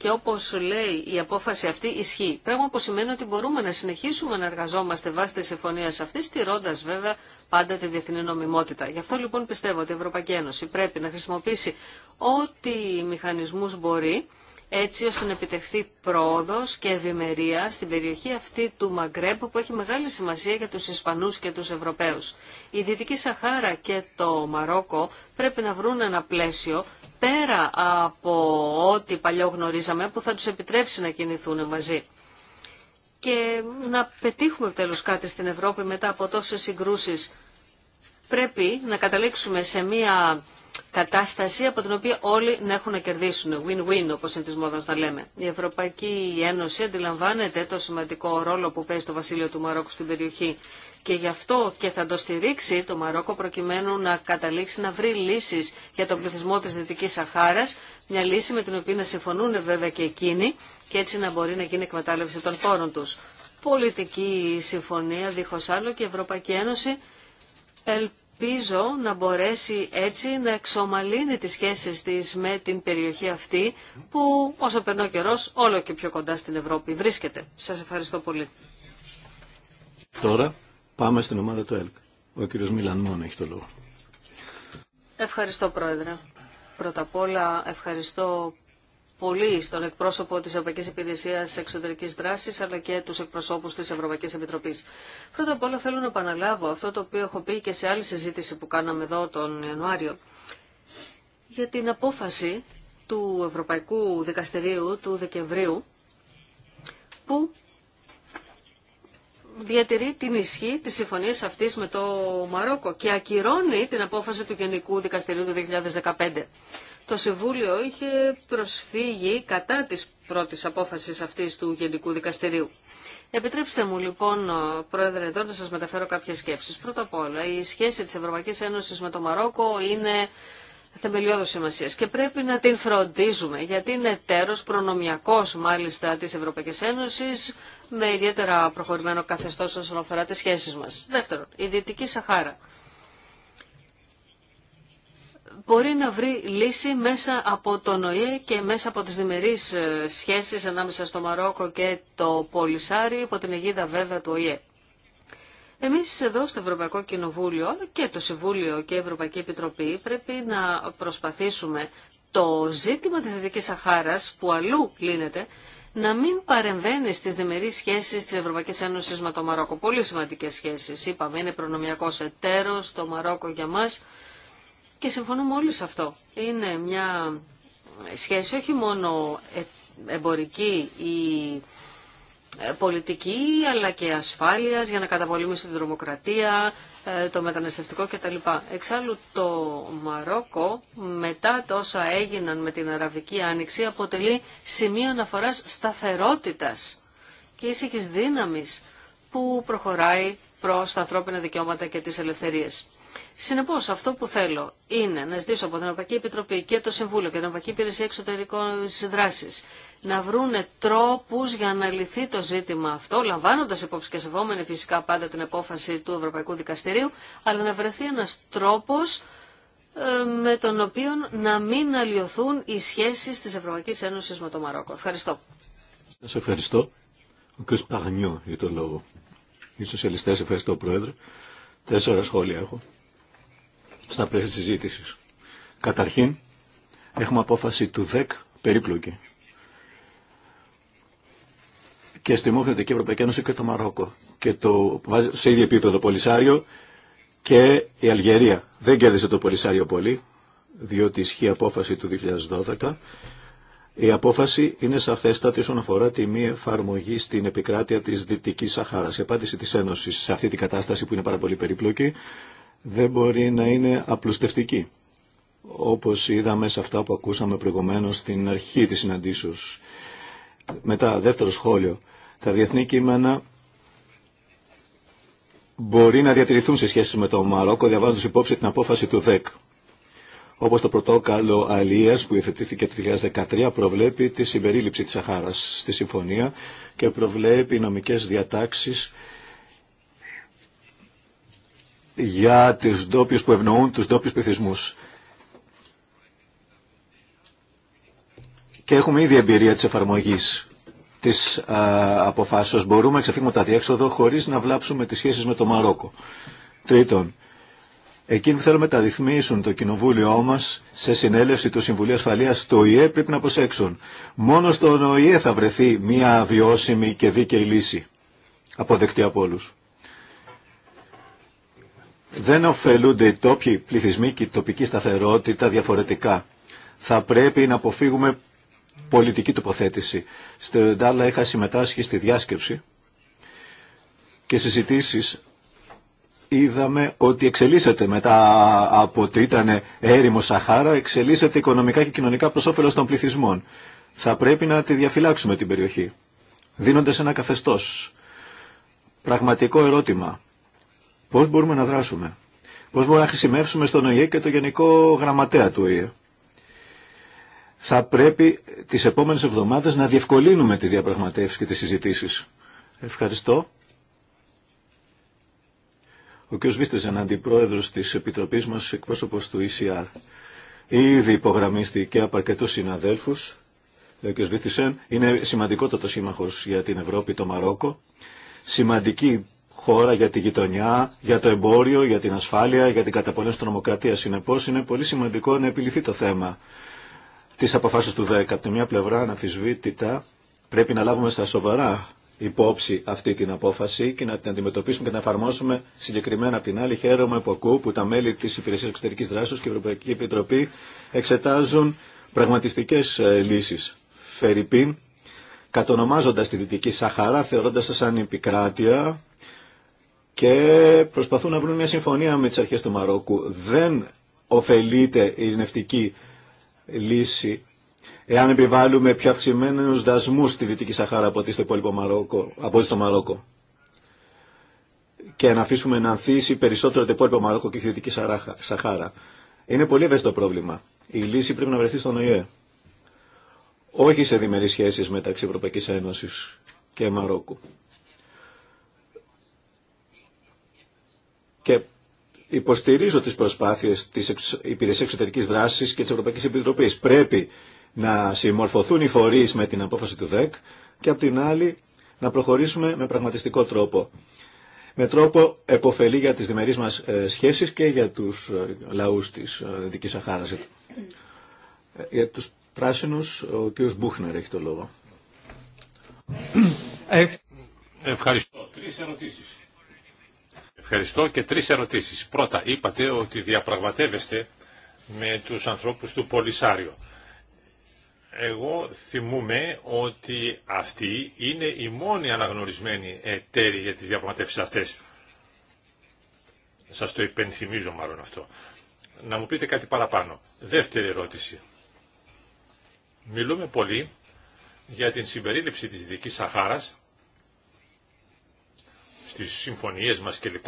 και όπω λέει η απόφαση αυτή ισχύει. Πράγμα που σημαίνει ότι μπορούμε να συνεχίσουμε να εργαζόμαστε βάσει τη συμφωνία αυτή, στηρώντα βέβαια πάντα τη διεθνή νομιμότητα. Γι' αυτό λοιπόν πιστεύω ότι η Ευρωπαϊκή Ένωση πρέπει να χρησιμοποιήσει ό,τι μηχανισμού μπορεί έτσι ώστε να επιτευχθεί πρόοδο και ευημερία στην περιοχή αυτή του Μαγκρέμπ που έχει μεγάλη σημασία για του Ισπανού και του Ευρωπαίου. Η Δυτική Σαχάρα και το Μαρόκο πρέπει να βρουν ένα πλαίσιο πέρα από ό,τι παλιό γνωρίζαμε που θα τους επιτρέψει να κινηθούν μαζί και να πετύχουμε τέλος κάτι στην Ευρώπη μετά από τόσες συγκρούσεις. Πρέπει να καταλήξουμε σε μία κατάσταση από την οποία όλοι να έχουν να κερδίσουν. Win-win όπω είναι τη μόδα να λέμε. Η Ευρωπαϊκή Ένωση αντιλαμβάνεται το σημαντικό ρόλο που παίζει το βασίλειο του Μαρόκου στην περιοχή και γι' αυτό και θα το στηρίξει το Μαρόκο προκειμένου να καταλήξει να βρει λύσει για τον πληθυσμό τη Δυτικής Σαχάρα, μια λύση με την οποία να συμφωνούν βέβαια και εκείνοι και έτσι να μπορεί να γίνει εκμετάλλευση των πόρων του. Πολιτική συμφωνία δίχω άλλο και η Ευρωπαϊκή Ένωση ελπίζω να μπορέσει έτσι να εξομαλύνει τις σχέσεις της με την περιοχή αυτή που όσο περνά ο καιρός όλο και πιο κοντά στην Ευρώπη βρίσκεται. Σας ευχαριστώ πολύ. Τώρα πάμε στην ομάδα του ΕΛΚ. Ο κύριος Μιλανμόν έχει το λόγο. Ευχαριστώ Πρόεδρε. Πρώτα απ' όλα ευχαριστώ πολύ στον εκπρόσωπο της Ευρωπαϊκής Υπηρεσία Εξωτερικής Δράσης αλλά και τους εκπροσώπους της Ευρωπαϊκής Επιτροπής. Πρώτα απ' όλα θέλω να επαναλάβω αυτό το οποίο έχω πει και σε άλλη συζήτηση που κάναμε εδώ τον Ιανουάριο για την απόφαση του Ευρωπαϊκού Δικαστηρίου του Δεκεμβρίου που διατηρεί την ισχύ της συμφωνίας αυτής με το Μαρόκο και ακυρώνει την απόφαση του Γενικού Δικαστηρίου του 2015. Το Συμβούλιο είχε προσφύγει κατά της πρώτης απόφασης αυτής του Γενικού Δικαστηρίου. Επιτρέψτε μου λοιπόν, Πρόεδρε, εδώ να σας μεταφέρω κάποιες σκέψεις. Πρώτα απ' όλα, η σχέση της Ευρωπαϊκής Ένωσης με το Μαρόκο είναι θεμελιώδου σημασία και πρέπει να την φροντίζουμε γιατί είναι τέρος προνομιακός μάλιστα της Ευρωπαϊκής Ένωσης με ιδιαίτερα προχωρημένο καθεστώς όσον αφορά τι σχέσει μας. Δεύτερον, η Δυτική Σαχάρα μπορεί να βρει λύση μέσα από τον ΟΗΕ και μέσα από τις διμερείς ε, σχέσεις ανάμεσα στο Μαρόκο και το Πολυσάρι υπό την αιγίδα βέβαια του ΟΗΕ. Εμείς εδώ στο Ευρωπαϊκό Κοινοβούλιο, και το Συμβούλιο και η Ευρωπαϊκή Επιτροπή πρέπει να προσπαθήσουμε το ζήτημα της Δυτικής Σαχάρας που αλλού λύνεται να μην παρεμβαίνει στις διμερείς σχέσεις της Ευρωπαϊκής Ένωσης με το Μαρόκο. Πολύ σημαντικές σχέσεις, είπαμε, είναι προνομιακός εταίρος το Μαρόκο για μας και συμφωνούμε όλοι σε αυτό. Είναι μια σχέση όχι μόνο ε, εμπορική ή ε, πολιτική αλλά και ασφάλειας για να καταπολεμήσει στην τρομοκρατία, ε, το μεταναστευτικό κτλ. Εξάλλου το Μαρόκο μετά τόσα έγιναν με την Αραβική Άνοιξη αποτελεί σημείο αναφοράς σταθερότητας και ήσυχης δύναμης που προχωράει προς τα ανθρώπινα δικαιώματα και τις ελευθερίες. Συνεπώ, αυτό που θέλω είναι να ζητήσω από την Ευρωπαϊκή Επιτροπή και το Συμβούλιο και την Ευρωπαϊκή Υπηρεσία Εξωτερικών δράση, να βρούνε τρόπου για να λυθεί το ζήτημα αυτό, λαμβάνοντα υπόψη και σεβόμενη φυσικά πάντα την απόφαση του Ευρωπαϊκού Δικαστηρίου, αλλά να βρεθεί ένας τρόπος ε, με τον οποίο να μην αλλοιωθούν οι σχέσεις της Ευρωπαϊκής Ένωσης με το Μαρόκο. Ευχαριστώ. Σας ευχαριστώ. Ο κ. Παγνιό για τον λόγο. Οι σοσιαλιστές ευχαριστώ, Πρόεδρε. Τέσσερα σχόλια έχω στα πλαίσια της Καταρχήν, έχουμε απόφαση του ΔΕΚ περίπλοκη. Και στη η Ευρωπαϊκή Ένωση και το Μαρόκο. Και το βάζει σε ίδιο επίπεδο Πολυσάριο και η Αλγερία. Δεν κέρδισε το Πολυσάριο πολύ, διότι ισχύει η απόφαση του 2012. Η απόφαση είναι σαφέστατη όσον αφορά τη μη εφαρμογή στην επικράτεια τη Δυτική Σαχάρα. Η απάντηση τη Ένωση σε αυτή την κατάσταση που είναι πάρα πολύ περίπλοκη δεν μπορεί να είναι απλουστευτική, όπως είδαμε σε αυτά που ακούσαμε προηγουμένως στην αρχή της συναντήσεως. Μετά, δεύτερο σχόλιο, τα διεθνή κείμενα μπορεί να διατηρηθούν σε σχέση με το Μαρόκο, διαβάζοντας υπόψη την απόφαση του ΔΕΚ. Όπως το πρωτόκαλο Αλίας που υιοθετήθηκε το 2013 προβλέπει τη συμπερίληψη της Σαχάρας στη Συμφωνία και προβλέπει νομικές διατάξεις για τις ντόπιου που ευνοούν τους ντόπιου πληθυσμού. Και έχουμε ήδη εμπειρία της εφαρμογής της α, αποφάσεως. Μπορούμε να ξεφύγουμε τα διέξοδο χωρίς να βλάψουμε τις σχέσεις με το Μαρόκο. Τρίτον, εκείνοι που θέλουν να μεταρρυθμίσουν το κοινοβούλιο μας σε συνέλευση του Συμβουλίου Ασφαλείας στο ΙΕ πρέπει να προσέξουν. Μόνο στον ΙΕ θα βρεθεί μια βιώσιμη και δίκαιη λύση αποδεκτή από όλους δεν ωφελούνται οι τόποι πληθυσμοί και η τοπική σταθερότητα διαφορετικά. Θα πρέπει να αποφύγουμε πολιτική τοποθέτηση. Στην Τάλα είχα συμμετάσχει στη διάσκεψη και συζητήσεις είδαμε ότι εξελίσσεται μετά από ότι ήταν έρημο Σαχάρα, εξελίσσεται οικονομικά και κοινωνικά προς όφελος των πληθυσμών. Θα πρέπει να τη διαφυλάξουμε την περιοχή, δίνοντας ένα καθεστώς. Πραγματικό ερώτημα. Πώς μπορούμε να δράσουμε. Πώς μπορούμε να χρησιμεύσουμε στον ΟΗΕ και το Γενικό Γραμματέα του ΟΗΕ. Θα πρέπει τις επόμενες εβδομάδες να διευκολύνουμε τις διαπραγματεύσεις και τις συζητήσεις. Ευχαριστώ. Ο κ. Βίστεζεν, αντιπρόεδρος της Επιτροπής μας, εκπρόσωπος του ECR. Ήδη υπογραμμίστηκε από αρκετού συναδέλφου. Ο κ. Βίστησεν είναι σημαντικότατο σύμμαχο για την Ευρώπη, το Μαρόκο. Σημαντική χώρα για τη γειτονιά, για το εμπόριο, για την ασφάλεια, για την καταπολέμηση της νομοκρατίας. Συνεπώς είναι πολύ σημαντικό να επιληθεί το θέμα της αποφάσεως του 10. Από τη μια πλευρά αναφυσβήτητα πρέπει να λάβουμε στα σοβαρά υπόψη αυτή την απόφαση και να την αντιμετωπίσουμε και να εφαρμόσουμε συγκεκριμένα. από την άλλη, χαίρομαι που ακούω που τα μέλη τη Υπηρεσία Εξωτερικής Δράσης και η Ευρωπαϊκή Επιτροπή εξετάζουν πραγματιστικέ ε, λύσει. Φερρυπίν, κατονομάζοντας τη Δυτική Σαχαρά, θεωρώντα σαν επικράτεια και προσπαθούν να βρουν μια συμφωνία με τις αρχές του Μαρόκου. Δεν ωφελείται η ειρηνευτική λύση εάν επιβάλλουμε πιο αυξημένου δασμού στη Δυτική Σαχάρα από ό,τι στο υπόλοιπο Μαρόκο, από ό,τι στο Μαρόκο. Και να αφήσουμε να ανθίσει περισσότερο το υπόλοιπο Μαρόκο και η Δυτική Σαχάρα. Είναι πολύ ευαίσθητο πρόβλημα. Η λύση πρέπει να βρεθεί στον ΟΗΕ. Όχι σε διμερείς σχέσει μεταξύ Ευρωπαϊκή Ένωση και Μαρόκου. και υποστηρίζω τις προσπάθειες της Υπηρεσίας Εξωτερικής Δράσης και της Ευρωπαϊκής Επιτροπής. Πρέπει να συμμορφωθούν οι φορείς με την απόφαση του ΔΕΚ και απ' την άλλη να προχωρήσουμε με πραγματιστικό τρόπο. Με τρόπο εποφελή για τις διμερείς μας ε, σχέσεις και για τους ε, λαούς της ε, Δικής Σαχάρας. Για τους πράσινους, ο κ. Μπούχνερ έχει το λόγο. Ευχαριστώ. Τρεις ερωτήσεις. Ευχαριστώ και τρεις ερωτήσεις. Πρώτα, είπατε ότι διαπραγματεύεστε με τους ανθρώπους του Πολυσάριο. Εγώ θυμούμαι ότι αυτή είναι η μόνη αναγνωρισμένη εταίρη για τις διαπραγματεύσεις αυτές. Σας το υπενθυμίζω μάλλον αυτό. Να μου πείτε κάτι παραπάνω. Δεύτερη ερώτηση. Μιλούμε πολύ για την συμπερίληψη της Δυτικής Σαχάρας στις συμφωνίες μας κλπ.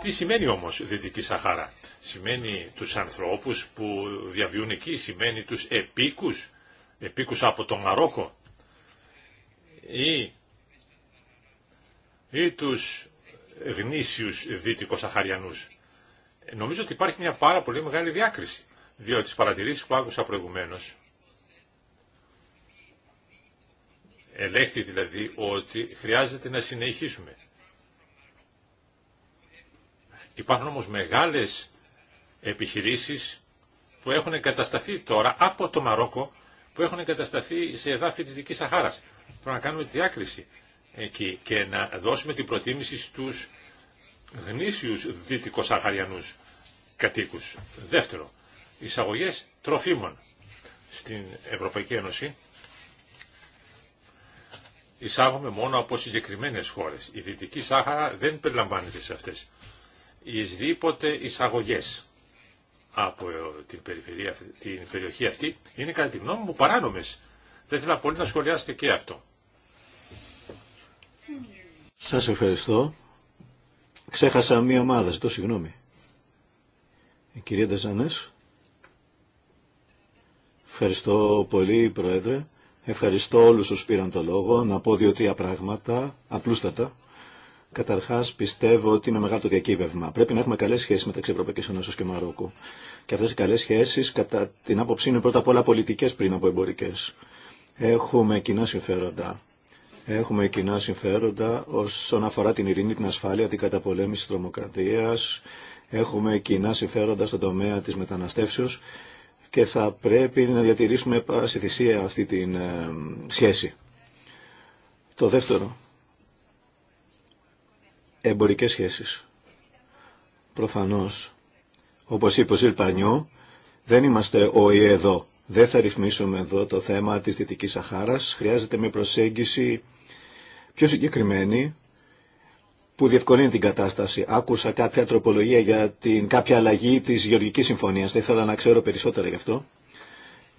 Τι σημαίνει όμως Δυτική Σαχάρα. Σημαίνει τους ανθρώπους που διαβιούν εκεί, σημαίνει τους επίκους, επίκους από το Μαρόκο ή, ή τους γνήσιους Δυτικοσαχαριανούς. Νομίζω ότι υπάρχει μια πάρα πολύ μεγάλη διάκριση, διότι τις παρατηρήσεις που άκουσα προηγουμένως Ελέγχθη δηλαδή ότι χρειάζεται να συνεχίσουμε. Υπάρχουν όμως μεγάλες επιχειρήσεις που έχουν κατασταθεί τώρα από το Μαρόκο, που έχουν εγκατασταθεί σε εδάφη της Δικής Σαχάρας. Πρέπει να κάνουμε τη διάκριση εκεί και να δώσουμε την προτίμηση στους γνήσιους δυτικοσαχαριανούς κατοίκους. Δεύτερο, εισαγωγές τροφίμων στην Ευρωπαϊκή Ένωση εισάγουμε μόνο από συγκεκριμένε χώρε. Η Δυτική Σάχαρα δεν περιλαμβάνεται σε αυτέ. Οι εισαγωγέ από την, περιφερεια, την περιοχή αυτή είναι κατά τη γνώμη μου παράνομε. Δεν ήθελα πολύ να σχολιάσετε και αυτό. Σας ευχαριστώ. Ξέχασα μία ομάδα, ζητώ συγγνώμη. Η κυρία Ντεζανέ. Ευχαριστώ πολύ, Πρόεδρε. Ευχαριστώ όλους όσους πήραν το λόγο. Να πω δύο-τρία πράγματα, απλούστατα. Καταρχά, πιστεύω ότι είναι μεγάλο το διακύβευμα. Πρέπει να έχουμε καλέ σχέσει μεταξύ Ευρωπαϊκή Ένωση και Μαρόκου. Και αυτέ οι καλέ σχέσει, κατά την άποψή είναι πρώτα απ' όλα πολιτικέ πριν από εμπορικέ. Έχουμε κοινά συμφέροντα. Έχουμε κοινά συμφέροντα όσον αφορά την ειρήνη, την ασφάλεια, την καταπολέμηση τη τρομοκρατία. Έχουμε κοινά συμφέροντα στον τομέα τη μεταναστεύσεω και θα πρέπει να διατηρήσουμε σε θυσία αυτή τη ε, σχέση. Το δεύτερο, εμπορικές σχέσεις. Προφανώς, όπως είπε ο Ζιλπανιό, δεν είμαστε όλοι εδώ. Δεν θα ρυθμίσουμε εδώ το θέμα της Δυτικής Σαχάρας. Χρειάζεται μια προσέγγιση πιο συγκεκριμένη που διευκολύνει την κατάσταση. Άκουσα κάποια τροπολογία για την κάποια αλλαγή της γεωργική Συμφωνίας. Δεν ήθελα να ξέρω περισσότερα γι' αυτό.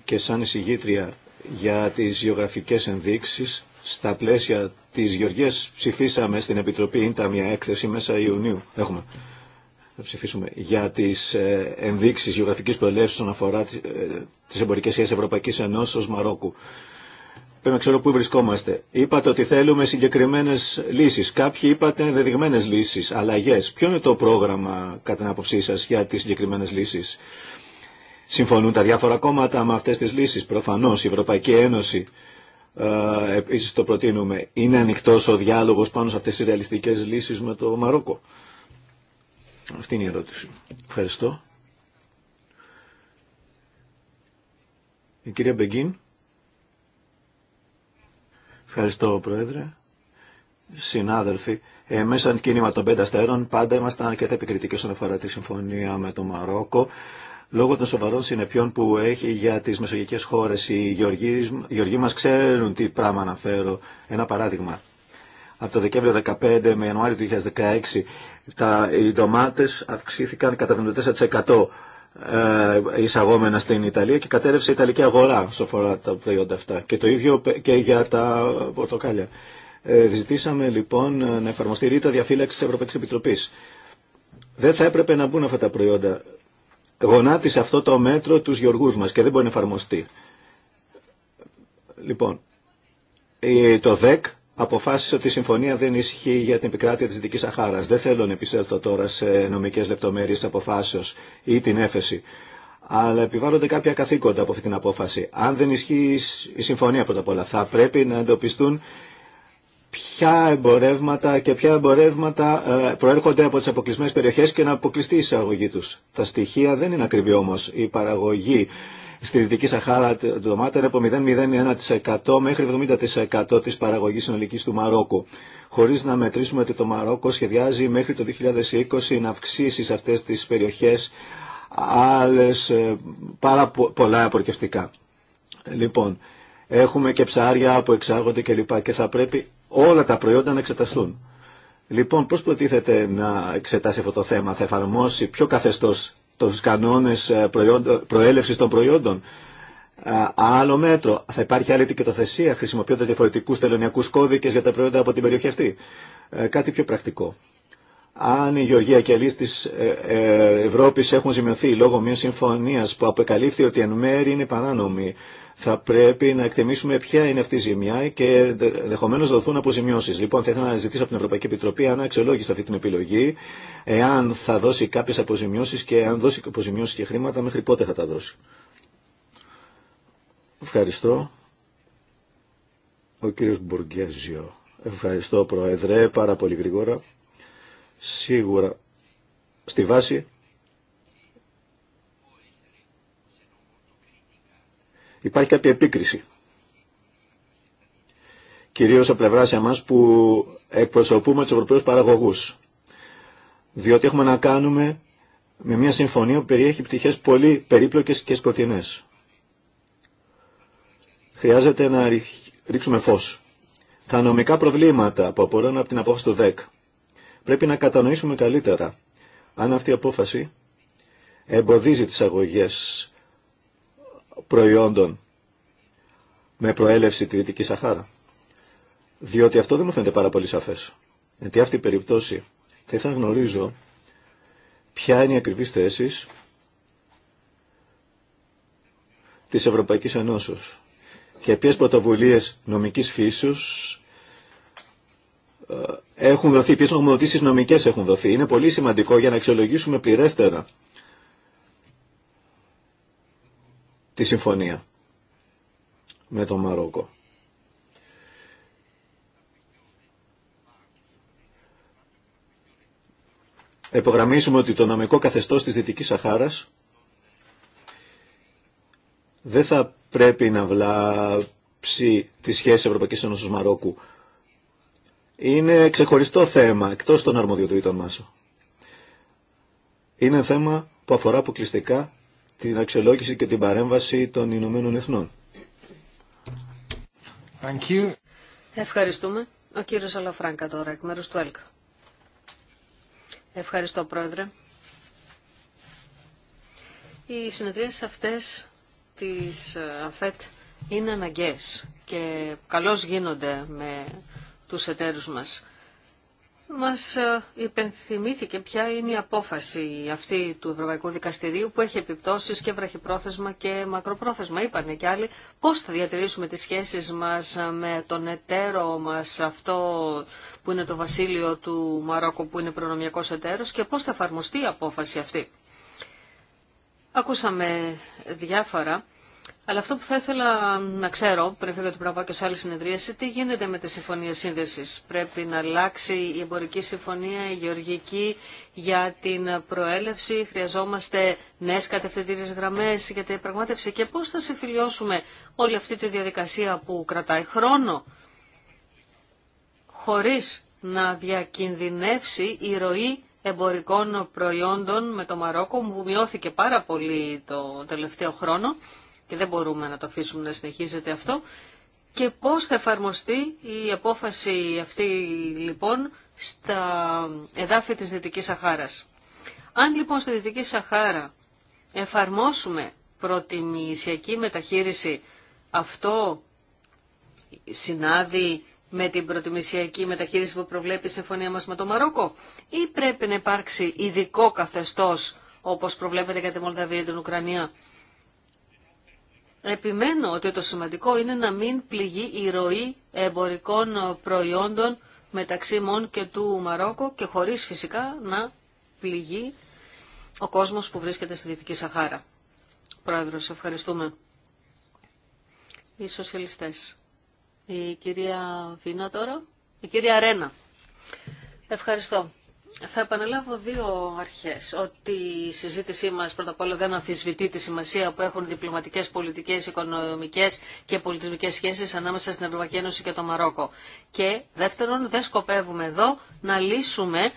Και σαν εισηγήτρια για τις γεωγραφικέ ενδείξεις, στα πλαίσια της γεωργία ψηφίσαμε στην Επιτροπή Ίντα μια έκθεση μέσα Ιουνίου. Έχουμε. Θα ψηφίσουμε για τι ε, ενδείξει γεωγραφική προελεύσης όσον αφορά ε, τι εμπορικέ σχέσει Ευρωπαϊκή Ενώσης ω Μαρόκου. Πρέπει να ξέρω πού βρισκόμαστε. Είπατε ότι θέλουμε συγκεκριμένε λύσει. Κάποιοι είπατε δεδειγμένε λύσει, αλλαγέ. Ποιο είναι το πρόγραμμα, κατά την άποψή σα, για τι συγκεκριμένε λύσει. Συμφωνούν τα διάφορα κόμματα με αυτέ τι λύσει. Προφανώ η Ευρωπαϊκή Ένωση, ε, επίση το προτείνουμε, είναι ανοιχτό ο διάλογο πάνω σε αυτέ τι ρεαλιστικέ λύσει με το Μαρόκο. Αυτή είναι η ερώτηση. Ευχαριστώ. Η κυρία Μπεγκίν. Ευχαριστώ, Πρόεδρε. Συνάδελφοι, ε, μέσα στο κίνημα των πέντε αστέρων πάντα ήμασταν αρκετά επικριτικοί όσον αφορά τη συμφωνία με το Μαρόκο. Λόγω των σοβαρών συνεπειών που έχει για τι μεσογειακές χώρε, οι γεωργοί, μα ξέρουν τι πράγμα αναφέρω. Ένα παράδειγμα. Από το Δεκέμβριο 2015 με Ιανουάριο του 2016, τα, οι ντομάτε αυξήθηκαν κατά 74%. Ε, εισαγόμενα στην Ιταλία και κατέρευσε η Ιταλική αγορά σοφορά αφορά τα προϊόντα αυτά. Και το ίδιο και για τα πορτοκάλια. Ε, ζητήσαμε λοιπόν να εφαρμοστεί ρήτα διαφύλαξη τη Ευρωπαϊκή Επιτροπή. Δεν θα έπρεπε να μπουν αυτά τα προϊόντα. Γονάτισε αυτό το μέτρο του γεωργού μα και δεν μπορεί να εφαρμοστεί. Λοιπόν, το ΔΕΚ αποφάσισε ότι η συμφωνία δεν ισχύει για την επικράτεια της Δυτικής Σαχάρα. Δεν θέλω να επισέλθω τώρα σε νομικές λεπτομέρειες αποφάσεω ή την έφεση. Αλλά επιβάλλονται κάποια καθήκοντα από αυτή την απόφαση. Αν δεν ισχύει η συμφωνία πρώτα απ' όλα, θα πρέπει να εντοπιστούν ποια εμπορεύματα και ποια εμπορεύματα ε, προέρχονται από τι αποκλεισμένε περιοχέ και να αποκλειστεί η εισαγωγή του. Τα στοιχεία δεν είναι ακριβή όμω Η παραγωγή στη Δυτική Σαχάρα το ντομάτα είναι από 0,01% μέχρι 70% της παραγωγής συνολικής του Μαρόκου. Χωρίς να μετρήσουμε ότι το Μαρόκο σχεδιάζει μέχρι το 2020 να αυξήσει σε αυτές τις περιοχές άλλες ε, πάρα πολλά απορκευτικά. Λοιπόν, έχουμε και ψάρια που εξάγονται κλπ. Και, και θα πρέπει όλα τα προϊόντα να εξεταστούν. Λοιπόν, πώς προτίθεται να εξετάσει αυτό το θέμα, θα εφαρμόσει πιο καθεστώς τους κανόνες ε, προέλευσης των προϊόντων. Ε, άλλο μέτρο, θα υπάρχει άλλη τικετοθεσία χρησιμοποιώντας διαφορετικούς τελωνιακούς κώδικες για τα προϊόντα από την περιοχή αυτή. Ε, κάτι πιο πρακτικό. Αν η Γεωργία και λύση της Ευρώπης έχουν ζημιωθεί λόγω μιας συμφωνίας που αποκαλύφθη ότι εν μέρη είναι παράνομη θα πρέπει να εκτιμήσουμε ποια είναι αυτή η ζημιά και ενδεχομένω δοθούν αποζημιώσει. Λοιπόν, θα ήθελα να ζητήσω από την Ευρωπαϊκή Επιτροπή αν αξιολόγησε αυτή την επιλογή, εάν θα δώσει κάποιε αποζημιώσει και αν δώσει αποζημιώσει και χρήματα, μέχρι πότε θα τα δώσει. Ευχαριστώ. Ο κύριο Μπουργκέζιο. Ευχαριστώ, Πρόεδρε, πάρα πολύ γρήγορα. Σίγουρα, στη βάση υπάρχει κάποια επίκριση. Κυρίως από πλευρά εμάς που εκπροσωπούμε τους Ευρωπαίους παραγωγούς. Διότι έχουμε να κάνουμε με μια συμφωνία που περιέχει πτυχές πολύ περίπλοκες και σκοτεινές. Χρειάζεται να ρίξουμε φως. Τα νομικά προβλήματα που απορρέουν από την απόφαση του ΔΕΚ πρέπει να κατανοήσουμε καλύτερα αν αυτή η απόφαση εμποδίζει τις αγωγές προϊόντων με προέλευση τη Δυτική Σαχάρα. Διότι αυτό δεν μου φαίνεται πάρα πολύ σαφές. Γιατί αυτή η περιπτώση θα ήθελα να γνωρίζω ποια είναι η ακριβής θέση της Ευρωπαϊκής Ενώσεως και ποιε πρωτοβουλίες νομικής φύσεως ε, έχουν δοθεί, ποιε νομοδοτήσει νομικέ έχουν δοθεί. Είναι πολύ σημαντικό για να αξιολογήσουμε πληρέστερα τη συμφωνία με το Μαρόκο. Επογραμμίσουμε ότι το νομικό καθεστώς της Δυτικής Σαχάρας δεν θα πρέπει να βλάψει τη σχέση Ευρωπαϊκής Ένωσης Μαρόκου. Είναι ξεχωριστό θέμα, εκτός των αρμοδιοτήτων μας. Είναι θέμα που αφορά αποκλειστικά την αξιολόγηση και την παρέμβαση των Ηνωμένων Εθνών. Thank you. Ευχαριστούμε. Ο κύριος Αλαφράγκα τώρα, εκ μέρους του ΕΛΚΑ. Ευχαριστώ, Πρόεδρε. Οι συνεδρίες αυτές της ε, ΑΦΕΤ είναι αναγκαίες και καλώς γίνονται με τους εταίρους μας μας ε, υπενθυμήθηκε ποια είναι η απόφαση αυτή του Ευρωπαϊκού Δικαστηρίου που έχει επιπτώσεις και βραχυπρόθεσμα και μακροπρόθεσμα. Είπανε και άλλοι πώς θα διατηρήσουμε τις σχέσεις μας με τον εταίρο μας αυτό που είναι το βασίλειο του Μαρόκου που είναι προνομιακός εταίρος και πώς θα εφαρμοστεί η απόφαση αυτή. Ακούσαμε διάφορα αλλά αυτό που θα ήθελα να ξέρω, πριν φύγω την πράγμα και σε άλλη είναι τι γίνεται με τη συμφωνία σύνδεση. Πρέπει να αλλάξει η εμπορική συμφωνία, η γεωργική για την προέλευση. Χρειαζόμαστε νέε κατευθυντήριε γραμμέ για την πραγμάτευση. Και πώ θα συμφιλιώσουμε όλη αυτή τη διαδικασία που κρατάει χρόνο, χωρί να διακινδυνεύσει η ροή εμπορικών προϊόντων με το Μαρόκο, που μειώθηκε πάρα πολύ το τελευταίο χρόνο και δεν μπορούμε να το αφήσουμε να συνεχίζεται αυτό. Και πώς θα εφαρμοστεί η απόφαση αυτή λοιπόν στα εδάφη της Δυτικής Σαχάρας. Αν λοιπόν στη Δυτική Σαχάρα εφαρμόσουμε προτιμησιακή μεταχείριση, αυτό συνάδει με την προτιμησιακή μεταχείριση που προβλέπει η συμφωνία μας με το Μαρόκο ή πρέπει να υπάρξει ειδικό καθεστώς όπως προβλέπεται για τη Μολδαβία και την Ουκρανία Επιμένω ότι το σημαντικό είναι να μην πληγεί η ροή εμπορικών προϊόντων μεταξύ Μον και του Μαρόκο και χωρίς φυσικά να πληγεί ο κόσμος που βρίσκεται στη Δυτική Σαχάρα. Πρόεδρος, ευχαριστούμε. Οι σοσιαλιστές. Η κυρία Βίνα τώρα. Η κυρία Ρένα. Ευχαριστώ. Θα επαναλάβω δύο αρχές. Ότι η συζήτησή μα πρώτα απ' όλα δεν αμφισβητεί τη σημασία που έχουν διπλωματικέ πολιτικές, οικονομικές και πολιτισμικές σχέσεις ανάμεσα στην Ευρωπαϊκή Ένωση και το Μαρόκο. Και δεύτερον, δεν σκοπεύουμε εδώ να λύσουμε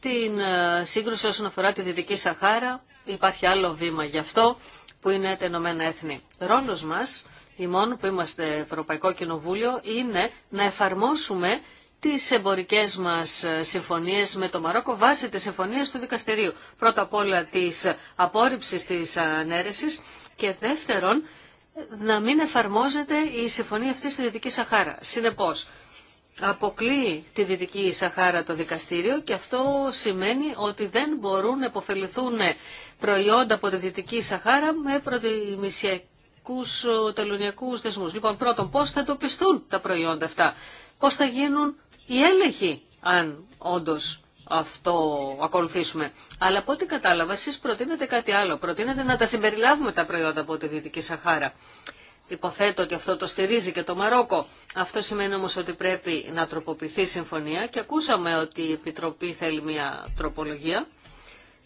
την ε, σύγκρουση όσον αφορά τη Δυτική Σαχάρα. Υπάρχει άλλο βήμα γι' αυτό που είναι τα Ηνωμένα Έθνη. Ρόλος μας, μόνο που είμαστε Ευρωπαϊκό Κοινοβούλιο, είναι να εφαρμόσουμε τις εμπορικές μας συμφωνίες με το Μαρόκο βάσει της συμφωνίες του δικαστηρίου. Πρώτα απ' όλα της απόρριψης της ανέρεσης και δεύτερον να μην εφαρμόζεται η συμφωνία αυτή στη Δυτική Σαχάρα. Συνεπώς, αποκλείει τη Δυτική Σαχάρα το δικαστήριο και αυτό σημαίνει ότι δεν μπορούν να υποφεληθούν προϊόντα από τη Δυτική Σαχάρα με προτιμησιακούς ε, τελωνιακούς δεσμούς. Λοιπόν, πρώτον, πώς θα εντοπιστούν τα προϊόντα αυτά, πώς θα γίνουν η έλεγχη, αν όντως αυτό ακολουθήσουμε. Αλλά από ό,τι κατάλαβα, εσεί προτείνετε κάτι άλλο. Προτείνετε να τα συμπεριλάβουμε τα προϊόντα από τη Δυτική Σαχάρα. Υποθέτω ότι αυτό το στηρίζει και το Μαρόκο. Αυτό σημαίνει όμως ότι πρέπει να τροποποιηθεί η συμφωνία και ακούσαμε ότι η Επιτροπή θέλει μια τροπολογία.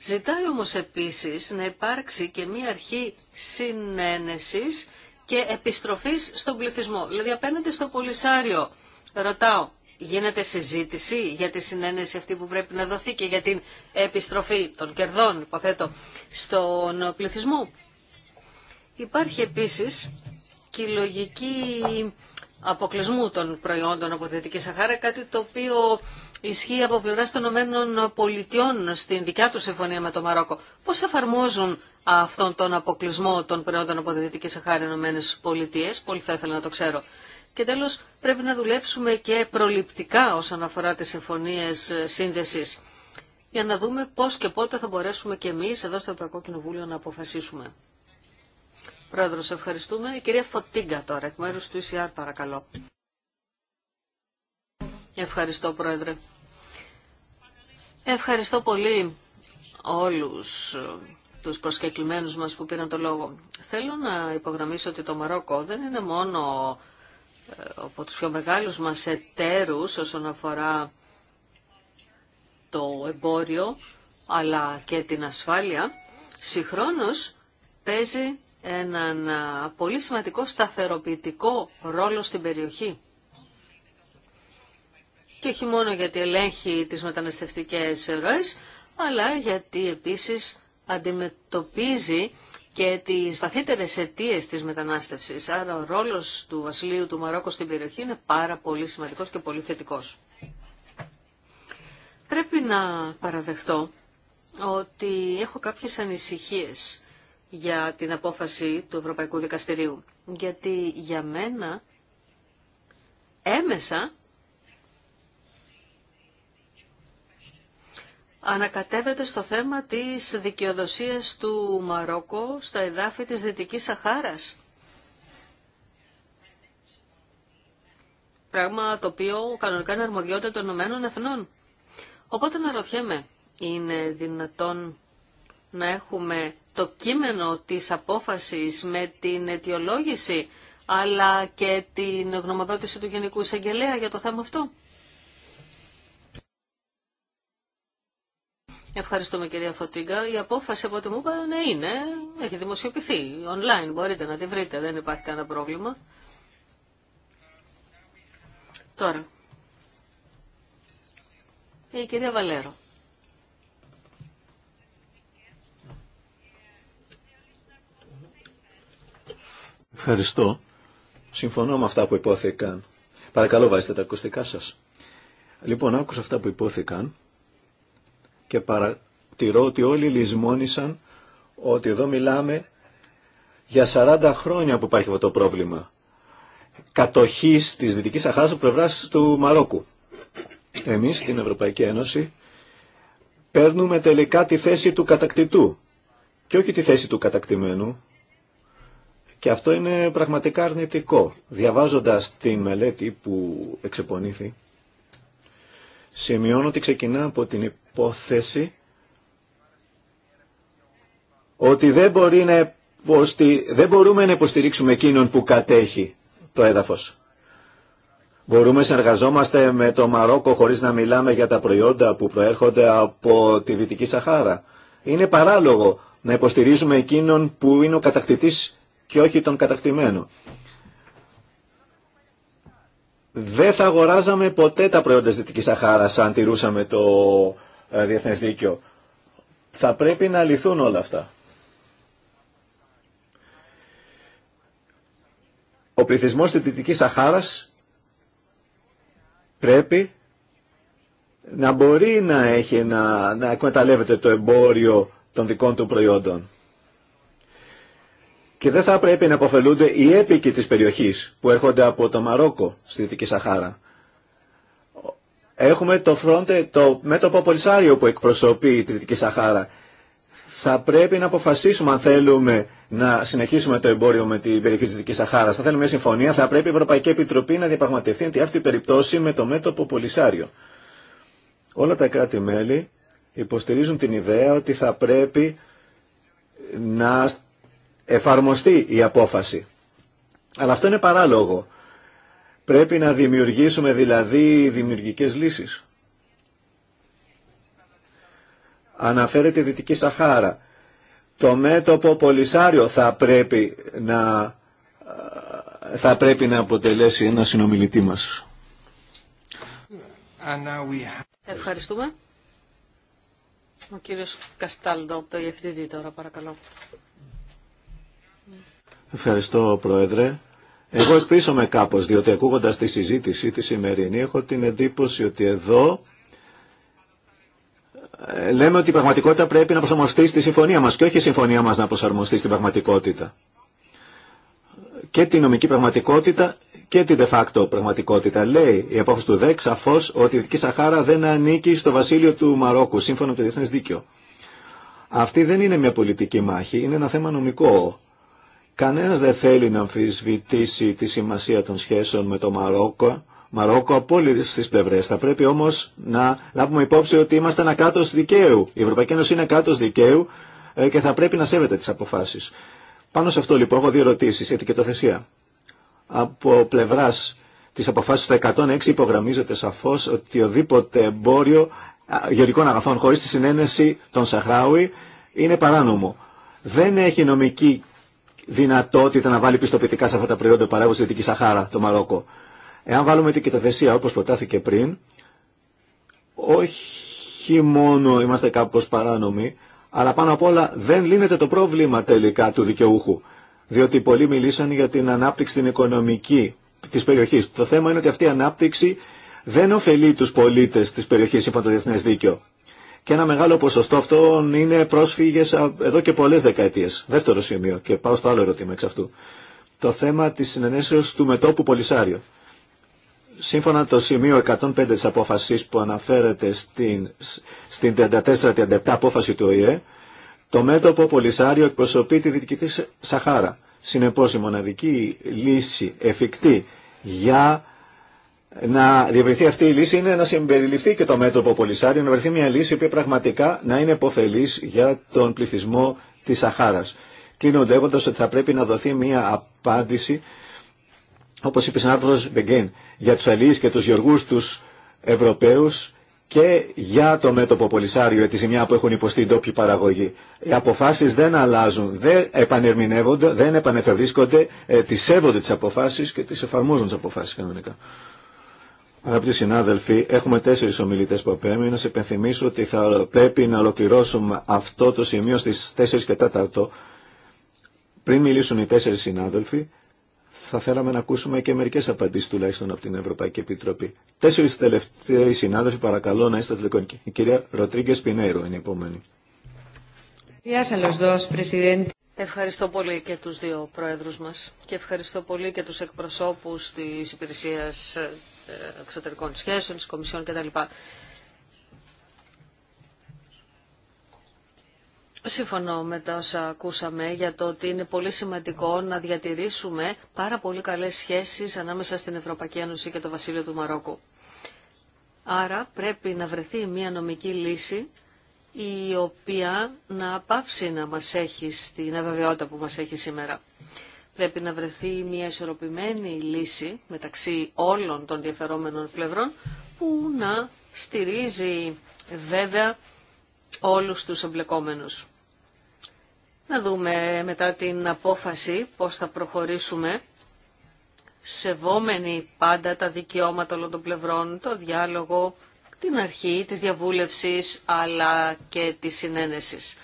Ζητάει όμως επίσης να υπάρξει και μια αρχή συνένεσης και επιστροφής στον πληθυσμό. Δηλαδή απέναντι στο Πολυσάριο ρωτάω γίνεται συζήτηση για τη συνένεση αυτή που πρέπει να δοθεί και για την επιστροφή των κερδών, υποθέτω, στον πληθυσμό. Υπάρχει επίσης και η λογική αποκλεισμού των προϊόντων από τη Δυτική Σαχάρα, κάτι το οποίο ισχύει από πλευρά των Ηνωμένων Πολιτειών στην δικιά του συμφωνία με το Μαρόκο. Πώς εφαρμόζουν αυτόν τον αποκλεισμό των προϊόντων από τη Δυτική Σαχάρα οι Ηνωμένε Πολιτείε, πολύ θα ήθελα να το ξέρω. Και τέλος πρέπει να δουλέψουμε και προληπτικά όσον αφορά τις συμφωνίες ε, σύνδεσης για να δούμε πώς και πότε θα μπορέσουμε και εμείς εδώ στο Ευρωπαϊκό Κοινοβούλιο να αποφασίσουμε. Πρόεδρο ευχαριστούμε. Η κυρία Φωτίνκα τώρα, εκ μέρους του ΙΣΙΑΡ, παρακαλώ. Ευχαριστώ, Πρόεδρε. Ευχαριστώ πολύ όλους ε, τους προσκεκλημένους μας που πήραν το λόγο. Θέλω να υπογραμμίσω ότι το Μαρόκο δεν είναι μόνο ε, από τους πιο μεγάλους μας εταίρους όσον αφορά το εμπόριο αλλά και την ασφάλεια, συγχρόνως παίζει έναν ε, πολύ σημαντικό σταθεροποιητικό ρόλο στην περιοχή. Και όχι μόνο γιατί ελέγχει τις μεταναστευτικές ροές, αλλά γιατί επίσης αντιμετωπίζει και τις βαθύτερες αιτίε της μετανάστευσης. Άρα ο ρόλος του βασιλείου του Μαρόκο στην περιοχή είναι πάρα πολύ σημαντικός και πολύ θετικός. Πρέπει να παραδεχτώ ότι έχω κάποιες ανησυχίες για την απόφαση του Ευρωπαϊκού Δικαστηρίου. Γιατί για μένα έμεσα ανακατεύεται στο θέμα της δικαιοδοσίας του Μαρόκο στα εδάφη της Δυτικής Σαχάρας. Πράγμα το οποίο κανονικά είναι αρμοδιότητα των Ηνωμένων Εθνών. Οπότε να ρωτιέμαι, είναι δυνατόν να έχουμε το κείμενο της απόφασης με την αιτιολόγηση αλλά και την γνωμοδότηση του Γενικού Εισαγγελέα για το θέμα αυτό. Ευχαριστούμε κυρία Φωτίγκα. Η απόφαση από ό,τι μου να είναι, έχει δημοσιοποιηθεί online, μπορείτε να τη βρείτε, δεν υπάρχει κανένα πρόβλημα. Τώρα, η κυρία Βαλέρο. Ευχαριστώ. Συμφωνώ με αυτά που υπόθηκαν. Παρακαλώ βάζετε τα ακουστικά σας. Λοιπόν, άκουσα αυτά που υπόθηκαν και παρατηρώ ότι όλοι λησμόνησαν ότι εδώ μιλάμε για 40 χρόνια που υπάρχει αυτό το πρόβλημα κατοχής της Δυτικής Σαχάρας του πλευράς του Μαρόκου. Εμείς στην Ευρωπαϊκή Ένωση παίρνουμε τελικά τη θέση του κατακτητού και όχι τη θέση του κατακτημένου. Και αυτό είναι πραγματικά αρνητικό. Διαβάζοντας τη μελέτη που εξεπονήθη, Σημειώνω ότι ξεκινά από την υπόθεση ότι δεν, μπορεί να υποστη... δεν μπορούμε να υποστηρίξουμε εκείνον που κατέχει το έδαφος. Μπορούμε να συνεργαζόμαστε με το Μαρόκο χωρίς να μιλάμε για τα προϊόντα που προέρχονται από τη Δυτική Σαχάρα. Είναι παράλογο να υποστηρίζουμε εκείνον που είναι ο κατακτητής και όχι τον κατακτημένο δεν θα αγοράζαμε ποτέ τα προϊόντα της Δυτικής Σαχάρας αν τηρούσαμε το ε, διεθνές δίκαιο. Θα πρέπει να λυθούν όλα αυτά. Ο πληθυσμός της Δυτικής Σαχάρας πρέπει να μπορεί να, έχει, να, να εκμεταλλεύεται το εμπόριο των δικών του προϊόντων και δεν θα πρέπει να αποφελούνται οι έπικοι της περιοχής που έρχονται από το Μαρόκο στη Δυτική Σαχάρα. Έχουμε το, φρόντε, το μέτωπο Πολυσάριο που εκπροσωπεί τη Δυτική Σαχάρα. Θα πρέπει να αποφασίσουμε αν θέλουμε να συνεχίσουμε το εμπόριο με την περιοχή της Δυτικής Σαχάρας. Θα θέλουμε μια συμφωνία, θα πρέπει η Ευρωπαϊκή Επιτροπή να διαπραγματευτεί αυτή την περιπτώση με το μέτωπο Πολυσάριο. Όλα τα κράτη-μέλη υποστηρίζουν την ιδέα ότι θα πρέπει να εφαρμοστεί η απόφαση. Αλλά αυτό είναι παράλογο. Πρέπει να δημιουργήσουμε δηλαδή δημιουργικές λύσεις. Αναφέρεται η Δυτική Σαχάρα. Το μέτωπο Πολυσάριο θα πρέπει να, θα πρέπει να αποτελέσει ένα συνομιλητή μας. Ευχαριστούμε. Ο κύριος Καστάλντο από το EFTD τώρα παρακαλώ. Ευχαριστώ, Πρόεδρε. Εγώ εκπλήσωμαι κάπως, διότι ακούγοντας τη συζήτηση τη σημερινή έχω την εντύπωση ότι εδώ ε, λέμε ότι η πραγματικότητα πρέπει να προσαρμοστεί στη συμφωνία μας και όχι η συμφωνία μας να προσαρμοστεί στην πραγματικότητα. Και τη νομική πραγματικότητα και την de facto πραγματικότητα. Λέει η απόφαση του ΔΕΚ σαφώ ότι η Δυτική Σαχάρα δεν ανήκει στο βασίλειο του Μαρόκου, σύμφωνα με το διεθνέ δίκαιο. Αυτή δεν είναι μια πολιτική μάχη, είναι ένα θέμα νομικό. Κανένα δεν θέλει να αμφισβητήσει τη σημασία των σχέσεων με το Μαρόκο, Μαρόκο από όλε τι πλευρέ. Θα πρέπει όμω να λάβουμε υπόψη ότι είμαστε ένα κράτο δικαίου. Η Ευρωπαϊκή Ένωση είναι κράτο δικαίου ε, και θα πρέπει να σέβεται τι αποφάσει. Πάνω σε αυτό λοιπόν έχω δύο ερωτήσει. κετοθεσία. Από πλευρά τη αποφάση του 106 υπογραμμίζεται σαφώ ότι οδήποτε εμπόριο γεωργικών αγαθών χωρί τη συνένεση των Σαχράουι είναι παράνομο. Δεν έχει νομική δυνατότητα να βάλει πιστοποιητικά σε αυτά τα προϊόντα που παράγουν στη Δυτική Σαχάρα, το Μαρόκο. Εάν βάλουμε την κοιτοθεσία όπως προτάθηκε πριν, όχι μόνο είμαστε κάπως παράνομοι, αλλά πάνω απ' όλα δεν λύνεται το πρόβλημα τελικά του δικαιούχου. Διότι πολλοί μιλήσαν για την ανάπτυξη την οικονομική της περιοχή. Το θέμα είναι ότι αυτή η ανάπτυξη δεν ωφελεί τους πολίτες τη περιοχή σύμφωνα το διεθνές δίκαιο. Και ένα μεγάλο ποσοστό αυτών είναι πρόσφυγες εδώ και πολλές δεκαετίες. Δεύτερο σημείο και πάω στο άλλο ερώτημα εξ αυτού. Το θέμα της συνενέσεως του μετόπου Πολυσάριο. Σύμφωνα το σημείο 105 τη απόφασης που αναφέρεται στην, στην 34-37 απόφαση του ΟΗΕ, το μέτωπο Πολυσάριο εκπροσωπεί τη Δυτική Σαχάρα. Συνεπώ, η μοναδική λύση εφικτή για να διευρυνθεί αυτή η λύση είναι να συμπεριληφθεί και το μέτωπο Πολυσάριο, να βρεθεί μια λύση που πραγματικά να είναι υποφελή για τον πληθυσμό τη Σαχάρα. Κλείνω ότι θα πρέπει να δοθεί μια απάντηση, όπω είπε άνθρωπος Μπεγκέν, για του αλληλεί και του γεωργούς του Ευρωπαίου και για το μέτωπο Πολυσάριο, για τη ζημιά που έχουν υποστεί οι ντόπιοι παραγωγοί. Οι αποφάσει δεν αλλάζουν, δεν επανερμηνεύονται, δεν επανεφευρίσκονται, ε, τι σέβονται τι αποφάσει και τι εφαρμόζουν τι αποφάσει κανονικά. Αγαπητοί συνάδελφοι, έχουμε τέσσερις ομιλητές που να Σε υπενθυμίσω ότι θα πρέπει να ολοκληρώσουμε αυτό το σημείο στις 4 και 4. Πριν μιλήσουν οι τέσσερις συνάδελφοι, θα θέλαμε να ακούσουμε και μερικές απαντήσεις τουλάχιστον από την Ευρωπαϊκή Επιτροπή. Τέσσερις τελευταίοι συνάδελφοι, παρακαλώ να είστε τηλεκονικοί. Η κυρία Ροτρίγκε Πινέιρο είναι η επόμενη. Ευχαριστώ πολύ και τους δύο πρόεδρους μας και ευχαριστώ πολύ και τους εκπροσώπους της υπηρεσίας εξωτερικών σχέσεων, τη Κομισιόν κτλ. Συμφωνώ με τα όσα ακούσαμε για το ότι είναι πολύ σημαντικό να διατηρήσουμε πάρα πολύ καλές σχέσεις ανάμεσα στην Ευρωπαϊκή Ένωση και το Βασίλειο του Μαρόκου. Άρα πρέπει να βρεθεί μια νομική λύση η οποία να πάψει να μας έχει στην αβεβαιότητα που μας έχει σήμερα. Πρέπει να βρεθεί μια ισορροπημένη λύση μεταξύ όλων των διαφερόμενων πλευρών που να στηρίζει βέβαια όλους τους εμπλεκόμενους. Να δούμε μετά την απόφαση πώς θα προχωρήσουμε σεβόμενοι πάντα τα δικαιώματα όλων των πλευρών, το διάλογο, την αρχή της διαβούλευσης αλλά και της συνένεσης.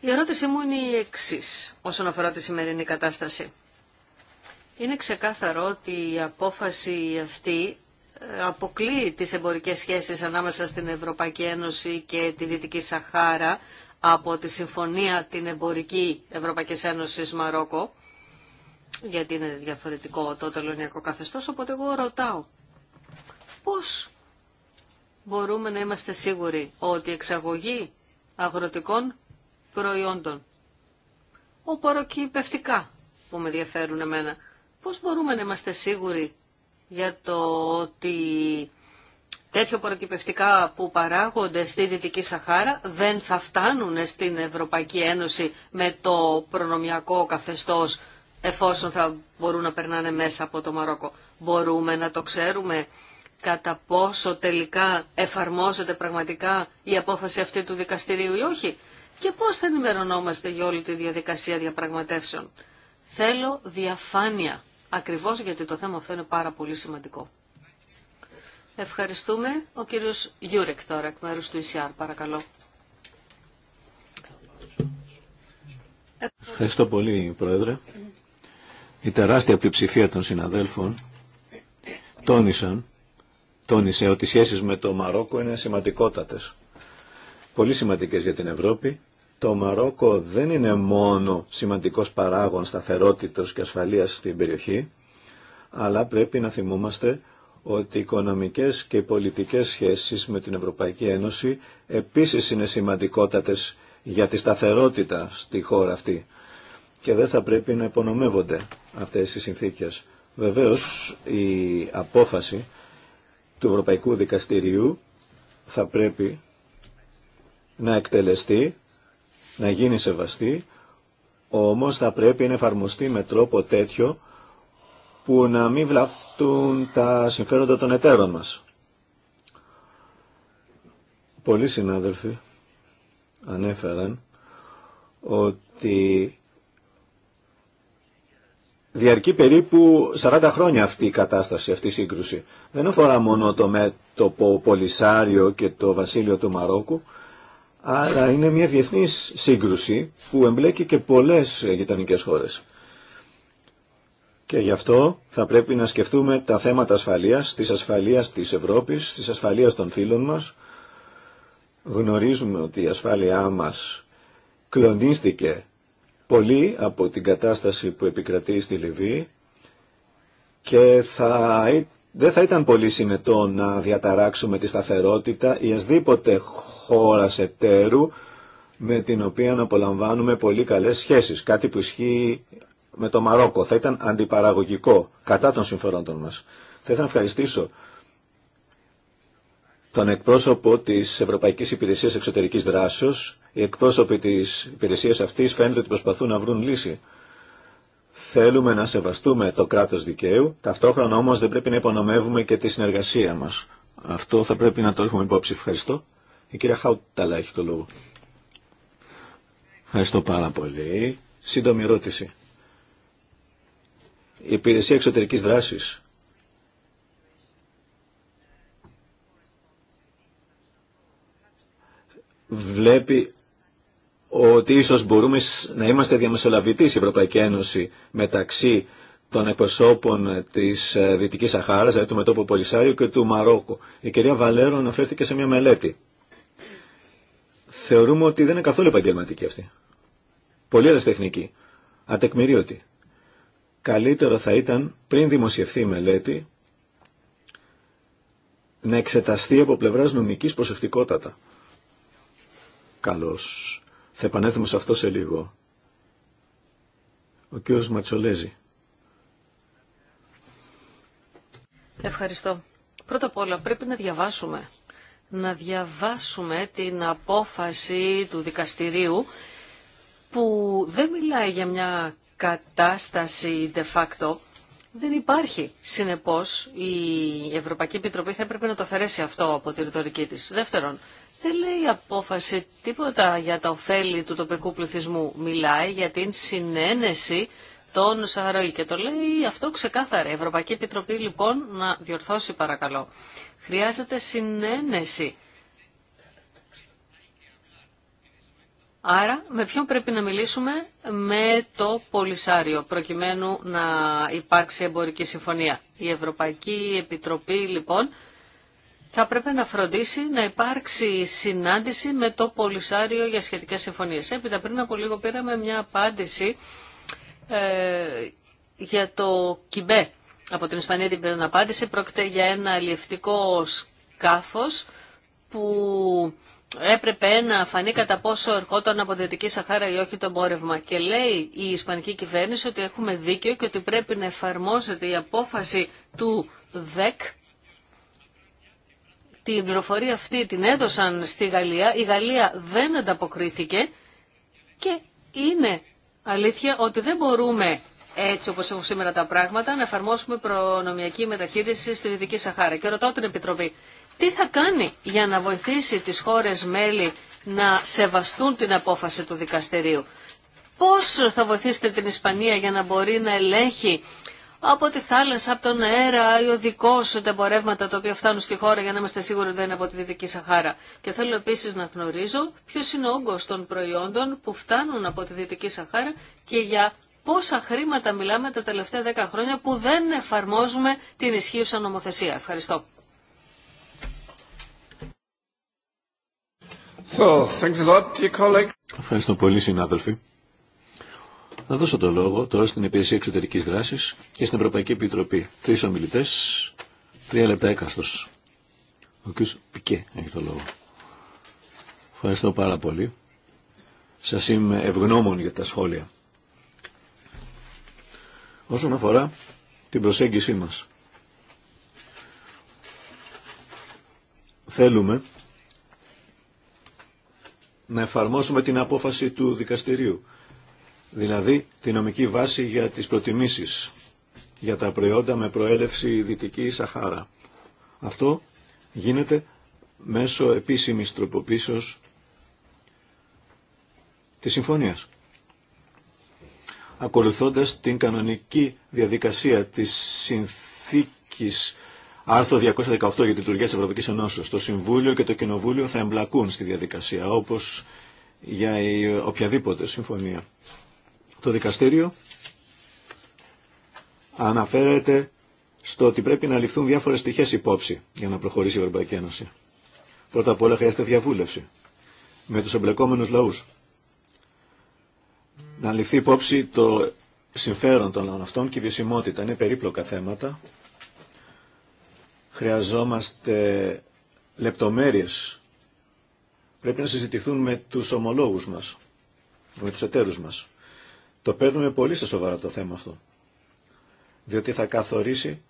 Η ερώτησή μου είναι η εξή όσον αφορά τη σημερινή κατάσταση. Είναι ξεκάθαρο ότι η απόφαση αυτή ε, αποκλεί τις εμπορικές σχέσεις ανάμεσα στην Ευρωπαϊκή Ένωση και τη Δυτική Σαχάρα από τη συμφωνία την εμπορική Ευρωπαϊκής Ένωσης Μαρόκο, γιατί είναι διαφορετικό το τελωνιακό καθεστώς, οπότε εγώ ρωτάω πώς μπορούμε να είμαστε σίγουροι ότι η εξαγωγή αγροτικών προϊόντων. Οποροκυπευτικά που με ενδιαφέρουν εμένα. Πώς μπορούμε να είμαστε σίγουροι για το ότι τέτοιο προκυπευτικά που παράγονται στη Δυτική Σαχάρα δεν θα φτάνουν στην Ευρωπαϊκή Ένωση με το προνομιακό καθεστώς εφόσον θα μπορούν να περνάνε μέσα από το Μαρόκο. Μπορούμε να το ξέρουμε κατά πόσο τελικά εφαρμόζεται πραγματικά η απόφαση αυτή του δικαστηρίου ή όχι. Και πώς θα ενημερωνόμαστε για όλη τη διαδικασία διαπραγματεύσεων. Θέλω διαφάνεια, ακριβώς γιατί το θέμα αυτό είναι πάρα πολύ σημαντικό. Ευχαριστούμε. Ο κύριος Γιούρεκ τώρα, εκ μέρους του ECR, παρακαλώ. Ευχαριστώ πολύ, Πρόεδρε. Η τεράστια πλειοψηφία των συναδέλφων τόνισαν, τόνισε ότι οι σχέσεις με το Μαρόκο είναι σημαντικότατες. Πολύ σημαντικές για την Ευρώπη το Μαρόκο δεν είναι μόνο σημαντικός παράγων σταθερότητος και ασφαλείας στην περιοχή, αλλά πρέπει να θυμόμαστε ότι οι οικονομικές και οι πολιτικές σχέσεις με την Ευρωπαϊκή Ένωση επίσης είναι σημαντικότατες για τη σταθερότητα στη χώρα αυτή και δεν θα πρέπει να υπονομεύονται αυτές οι συνθήκες. Βεβαίως η απόφαση του Ευρωπαϊκού Δικαστηρίου θα πρέπει να εκτελεστεί να γίνει σεβαστή, όμως θα πρέπει να εφαρμοστεί με τρόπο τέτοιο που να μην βλαφτούν τα συμφέροντα των εταίρων μας. Πολλοί συνάδελφοι ανέφεραν ότι διαρκεί περίπου 40 χρόνια αυτή η κατάσταση, αυτή η σύγκρουση. Δεν αφορά μόνο το μέτωπο Πολυσάριο και το Βασίλειο του Μαρόκου, Άρα είναι μια διεθνή σύγκρουση που εμπλέκει και πολλές γειτονικέ χώρες. Και γι' αυτό θα πρέπει να σκεφτούμε τα θέματα ασφαλείας, της ασφαλείας της Ευρώπης, της ασφαλείας των φίλων μας. Γνωρίζουμε ότι η ασφάλειά μας κλονίστηκε πολύ από την κατάσταση που επικρατεί στη Λιβύη και θα δεν θα ήταν πολύ συνετό να διαταράξουμε τη σταθερότητα ή ασδήποτε χώρας εταίρου με την οποία να απολαμβάνουμε πολύ καλές σχέσεις. Κάτι που ισχύει με το Μαρόκο. Θα ήταν αντιπαραγωγικό κατά των συμφερόντων μας. Θα ήθελα να ευχαριστήσω τον εκπρόσωπο της Ευρωπαϊκής Υπηρεσίας Εξωτερικής Δράσεως. Οι εκπρόσωποι της υπηρεσίας αυτής φαίνεται ότι προσπαθούν να βρουν λύση. Θέλουμε να σεβαστούμε το κράτος δικαίου, ταυτόχρονα όμως δεν πρέπει να υπονομεύουμε και τη συνεργασία μας. Αυτό θα πρέπει να το έχουμε υπόψη. Ευχαριστώ. Η κυρία Χάουταλα έχει το λόγο. Ευχαριστώ πάρα πολύ. Σύντομη ερώτηση. Η υπηρεσία εξωτερικής δράσης βλέπει ότι ίσως μπορούμε να είμαστε διαμεσολαβητής η Ευρωπαϊκή Ένωση μεταξύ των εκπροσώπων της ε, Δυτικής Σαχάρας, δηλαδή του μετώπου Πολυσάριου και του Μαρόκου. Η κυρία Βαλέρο αναφέρθηκε σε μια μελέτη. Θεωρούμε ότι δεν είναι καθόλου επαγγελματική αυτή. Πολύ ερασιτεχνική. Ατεκμηρίωτη. Καλύτερο θα ήταν πριν δημοσιευθεί η μελέτη να εξεταστεί από πλευράς νομικής προσεκτικότατα. Καλώς. Θα επανέλθουμε σε αυτό σε λίγο. Ο κύριος Ματσολέζη. Ευχαριστώ. Πρώτα απ' όλα πρέπει να διαβάσουμε. Να διαβάσουμε την απόφαση του δικαστηρίου που δεν μιλάει για μια κατάσταση de facto. Δεν υπάρχει. Συνεπώς η Ευρωπαϊκή Επιτροπή θα έπρεπε να το αφαιρέσει αυτό από τη ρητορική της. Δεύτερον, δεν λέει απόφαση τίποτα για τα ωφέλη του τοπικού πληθυσμού. Μιλάει για την συνένεση των Σαχαροή και το λέει αυτό ξεκάθαρα. Η Ευρωπαϊκή Επιτροπή λοιπόν να διορθώσει παρακαλώ. Χρειάζεται συνένεση. Άρα με ποιον πρέπει να μιλήσουμε με το Πολυσάριο προκειμένου να υπάρξει εμπορική συμφωνία. Η Ευρωπαϊκή Επιτροπή λοιπόν θα πρέπει να φροντίσει να υπάρξει συνάντηση με το Πολυσάριο για σχετικές συμφωνίες. Έπειτα πριν από λίγο πήραμε μια απάντηση ε, για το Κιμπέ. Από την Ισπανία την πήραν απάντηση. Πρόκειται για ένα αλλιευτικό σκάφος που έπρεπε να φανεί κατά πόσο ερχόταν από Δυτική Σαχάρα ή όχι το εμπόρευμα. Και λέει η Ισπανική κυβέρνηση ότι έχουμε δίκιο και ότι πρέπει να εφαρμόζεται η απόφαση του ΔΕΚ την πληροφορία αυτή την έδωσαν στη Γαλλία, η Γαλλία δεν ανταποκρίθηκε και είναι αλήθεια ότι δεν μπορούμε έτσι όπως έχουν σήμερα τα πράγματα να εφαρμόσουμε προνομιακή μεταχείριση στη Δυτική Σαχάρα. Και ρωτάω την Επιτροπή, τι θα κάνει για να βοηθήσει τις χώρες μέλη να σεβαστούν την απόφαση του δικαστηρίου. Πώς θα βοηθήσετε την Ισπανία για να μπορεί να ελέγχει από τη θάλασσα, από τον αέρα, ή οδικό τα εμπορεύματα τα οποία φτάνουν στη χώρα για να είμαστε σίγουροι ότι δεν είναι από τη Δυτική Σαχάρα. Και θέλω επίση να γνωρίζω ποιο είναι ο όγκο των προϊόντων που φτάνουν από τη Δυτική Σαχάρα και για πόσα χρήματα μιλάμε τα τελευταία δέκα χρόνια που δεν εφαρμόζουμε την ισχύουσα νομοθεσία. Ευχαριστώ. So, lot, Ευχαριστώ πολύ, συνάδελφοι. Να δώσω το λόγο τώρα στην Υπηρεσία εξωτερική Δράσης και στην Ευρωπαϊκή Επιτροπή. τρει ομιλητέ τρία λεπτά έκαστος. Ο κ. Πικέ έχει το λόγο. Ευχαριστώ πάρα πολύ. Σα είμαι ευγνώμων για τα σχόλια. Όσον αφορά την προσέγγιση μας. Θέλουμε να εφαρμόσουμε την απόφαση του δικαστηρίου δηλαδή τη νομική βάση για τις προτιμήσεις για τα προϊόντα με προέλευση Δυτική Σαχάρα. Αυτό γίνεται μέσω επίσημης τροποποίησης της συμφωνίας. Ακολουθώντας την κανονική διαδικασία της συνθήκης άρθρο 218 για τη λειτουργία της Ευρωπαϊκής το Συμβούλιο και το Κοινοβούλιο θα εμπλακούν στη διαδικασία, όπως για οποιαδήποτε συμφωνία το δικαστήριο αναφέρεται στο ότι πρέπει να ληφθούν διάφορες στοιχές υπόψη για να προχωρήσει η Ευρωπαϊκή Ένωση. Πρώτα απ' όλα χρειάζεται διαβούλευση με τους εμπλεκόμενους λαούς. Να ληφθεί υπόψη το συμφέρον των λαών αυτών και η βιωσιμότητα. Είναι περίπλοκα θέματα. Χρειαζόμαστε λεπτομέρειες. Πρέπει να συζητηθούν με τους ομολόγους μας, με τους εταίρους μας. Το παίρνουμε πολύ σε σοβαρά το θέμα αυτό. Διότι θα καθορίσει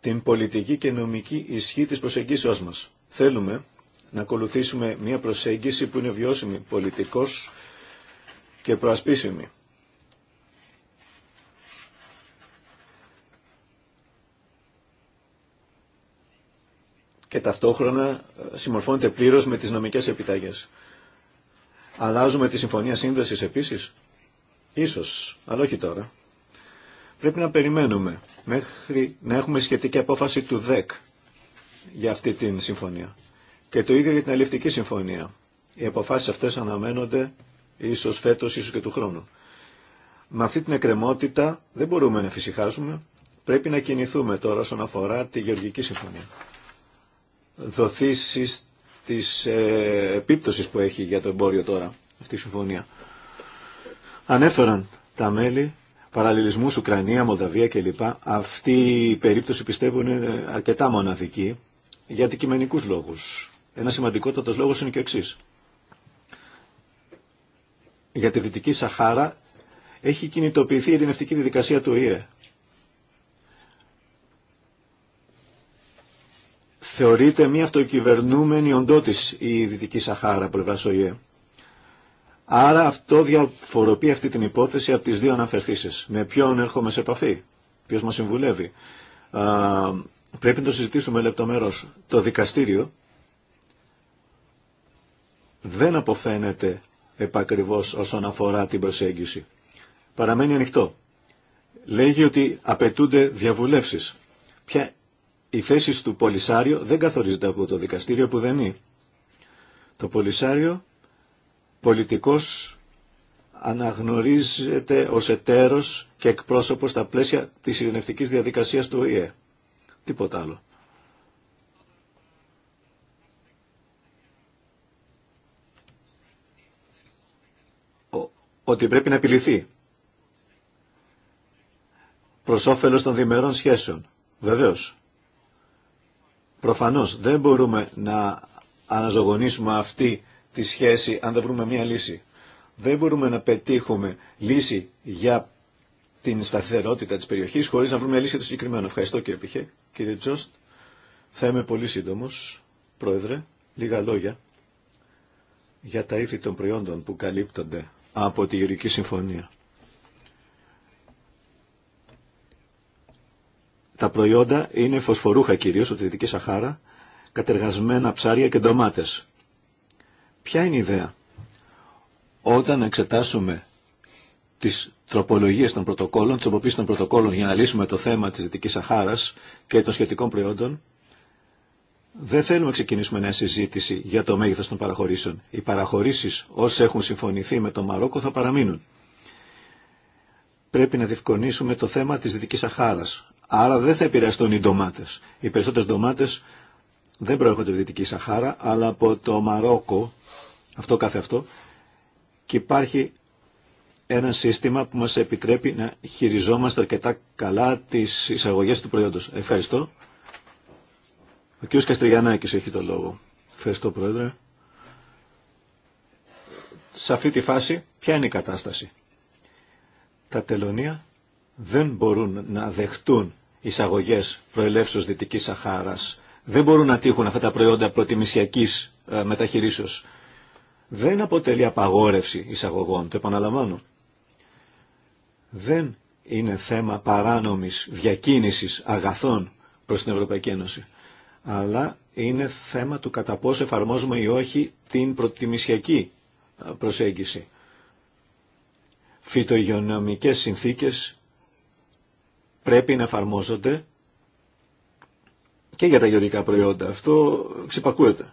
την πολιτική και νομική ισχύ της προσεγγίσεώς μας. Θέλουμε να ακολουθήσουμε μια προσέγγιση που είναι βιώσιμη πολιτικός και προασπίσιμη. και ταυτόχρονα ε, συμμορφώνεται πλήρως με τις νομικές επιταγές. Αλλάζουμε τη Συμφωνία Σύνδεσης επίσης Ίσως, αλλά όχι τώρα. Πρέπει να περιμένουμε μέχρι να έχουμε σχετική απόφαση του ΔΕΚ για αυτή την συμφωνία. Και το ίδιο για την αλληλευτική συμφωνία. Οι αποφάσει αυτέ αναμένονται ίσως φέτος, ίσως και του χρόνου. Με αυτή την εκκρεμότητα δεν μπορούμε να φυσικάζουμε. Πρέπει να κινηθούμε τώρα όσον αφορά τη γεωργική συμφωνία. Δοθήσει της ε, επίπτωσης που έχει για το εμπόριο τώρα αυτή η συμφωνία. Ανέφεραν τα μέλη παραλληλισμούς Ουκρανία, Μολδαβία κλπ. Αυτή η περίπτωση πιστεύουν είναι αρκετά μοναδική για αντικειμενικούς λόγους. Ένα σημαντικότατος λόγος είναι και ο εξής. Για τη Δυτική Σαχάρα έχει κινητοποιηθεί η ειρηνευτική διαδικασία του ΙΕ. Θεωρείται μια αυτοκυβερνούμενη οντότης η Δυτική Σαχάρα πλευρά ΟΗΕ. Άρα αυτό διαφοροποιεί αυτή την υπόθεση από τις δύο αναφερθήσεις. Με ποιον έρχομαι σε επαφή, ποιος μας συμβουλεύει. πρέπει να το συζητήσουμε λεπτομέρως. Το δικαστήριο δεν αποφαίνεται επακριβώς όσον αφορά την προσέγγιση. Παραμένει ανοιχτό. Λέγει ότι απαιτούνται διαβουλεύσεις. Ποια η θέση του Πολυσάριο δεν καθορίζεται από το δικαστήριο που δεν είναι. Το Πολυσάριο πολιτικός αναγνωρίζεται ως εταίρος και εκπρόσωπος στα πλαίσια της ειρηνευτικής διαδικασίας του ΟΗΕ. Τίποτα άλλο. ότι πρέπει να επιληθεί προς όφελος των διμερών σχέσεων. Βεβαίως. Προφανώς δεν μπορούμε να αναζωογονήσουμε αυτή τη σχέση αν δεν βρούμε μία λύση. Δεν μπορούμε να πετύχουμε λύση για την σταθερότητα της περιοχής χωρίς να βρούμε λύση για το συγκεκριμένο. Ευχαριστώ κύριε Πιχέ. Κύριε Τζόστ, θα είμαι πολύ σύντομος, Πρόεδρε, λίγα λόγια για τα ήθη των προϊόντων που καλύπτονται από τη Γεωργική Συμφωνία. Τα προϊόντα είναι φωσφορούχα κυρίως από Δυτική Σαχάρα, κατεργασμένα ψάρια και ντομάτες. Ποια είναι η ιδέα. Όταν εξετάσουμε τις τροπολογίες των πρωτοκόλων, τις τροποποίησεις των πρωτοκόλων για να λύσουμε το θέμα της Δυτικής Σαχάρας και των σχετικών προϊόντων, δεν θέλουμε να ξεκινήσουμε μια συζήτηση για το μέγεθος των παραχωρήσεων. Οι παραχωρήσεις όσοι έχουν συμφωνηθεί με το Μαρόκο θα παραμείνουν. Πρέπει να διευκονίσουμε το θέμα της Δυτικής Σαχάρας. Άρα δεν θα επηρεαστούν οι ντομάτες. Οι περισσότερες ντομάτες δεν προέρχονται από τη Δυτική Σαχάρα, αλλά από το Μαρόκο αυτό κάθε αυτό και υπάρχει ένα σύστημα που μας επιτρέπει να χειριζόμαστε αρκετά καλά τις εισαγωγές του προϊόντος. Ευχαριστώ. Ο κ. Καστριγιαννάκης έχει το λόγο. Ευχαριστώ Πρόεδρε. Σε αυτή τη φάση ποια είναι η κατάσταση. Τα τελωνία δεν μπορούν να δεχτούν εισαγωγές προελεύσεως Δυτικής Σαχάρας. Δεν μπορούν να τύχουν αυτά τα προϊόντα προτιμησιακής ε, μεταχειρήσεως δεν αποτελεί απαγόρευση εισαγωγών, το επαναλαμβάνω. Δεν είναι θέμα παράνομης διακίνησης αγαθών προς την Ευρωπαϊκή Ένωση, αλλά είναι θέμα του κατά πόσο εφαρμόζουμε ή όχι την προτιμησιακή προσέγγιση. Φυτογειονομικές συνθήκες πρέπει να εφαρμόζονται και για τα γεωργικά προϊόντα. Αυτό ξυπακούεται.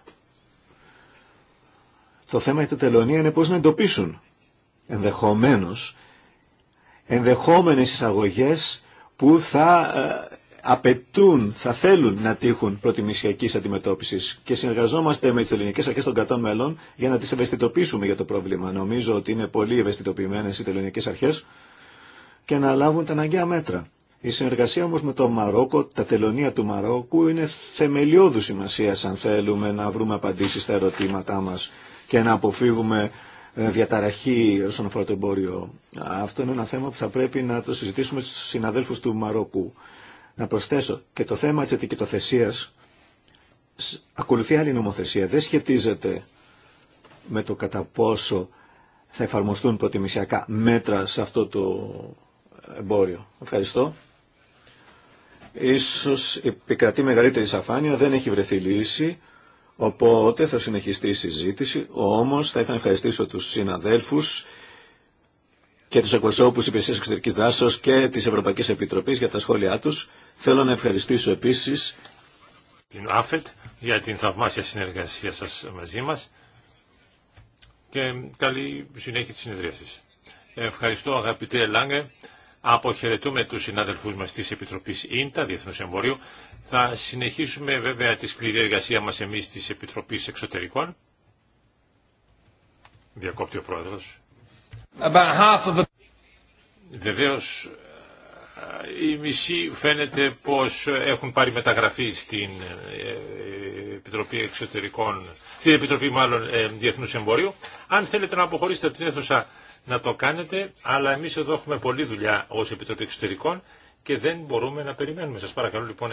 Το θέμα για τα τελωνία είναι πώς να εντοπίσουν ενδεχομένως ενδεχόμενες εισαγωγές που θα ε, απαιτούν, θα θέλουν να τύχουν προτιμησιακής αντιμετώπισης και συνεργαζόμαστε με τις ελληνικές αρχές των κρατών μελών για να τις ευαισθητοποιήσουμε για το πρόβλημα. Νομίζω ότι είναι πολύ ευαισθητοποιημένες οι ελληνικές αρχές και να λάβουν τα αναγκαία μέτρα. Η συνεργασία όμως με το Μαρόκο, τα τελωνία του Μαρόκου είναι θεμελιώδου σημασία αν θέλουμε να βρούμε απαντήσεις στα ερωτήματά μας και να αποφύγουμε ε, διαταραχή όσον αφορά το εμπόριο. Αυτό είναι ένα θέμα που θα πρέπει να το συζητήσουμε στους συναδέλφους του Μαρόκου. Να προσθέσω και το θέμα της ετικητοθεσίας ακολουθεί άλλη νομοθεσία. Δεν σχετίζεται με το κατά πόσο θα εφαρμοστούν προτιμησιακά μέτρα σε αυτό το εμπόριο. Ευχαριστώ. Ίσως επικρατεί μεγαλύτερη σαφάνεια, δεν έχει βρεθεί λύση. Οπότε θα συνεχιστεί η συζήτηση, όμως θα ήθελα να ευχαριστήσω τους συναδέλφους και τους εκπροσώπους της Υπηρεσίας Εξωτερικής Δράσης και της Ευρωπαϊκής Επιτροπής για τα σχόλιά τους. Θέλω να ευχαριστήσω επίσης την ΑΦΕΤ για την θαυμάσια συνεργασία σας μαζί μας και καλή συνέχεια της συνεδρίασης. Ευχαριστώ αγαπητέ Λάγκε. Αποχαιρετούμε τους συναδελφούς μας της Επιτροπής ΙΝΤΑ, Διεθνούς Εμπορίου. Θα συνεχίσουμε βέβαια τη σκληρή εργασία μας εμείς της Επιτροπής Εξωτερικών. Διακόπτει ο Πρόεδρος. the... Βεβαίως ε, οι μισοί φαίνεται πως έχουν πάρει μεταγραφή στην ε, Επιτροπή Εξωτερικών, στην Επιτροπή μάλλον ε, Διεθνούς Εμπορίου. Αν θέλετε να αποχωρήσετε από την αίθουσα να το κάνετε, αλλά εμείς εδώ έχουμε πολλή δουλειά ως Επιτροπή Εξωτερικών και δεν μπορούμε να περιμένουμε. Σας παρακαλώ λοιπόν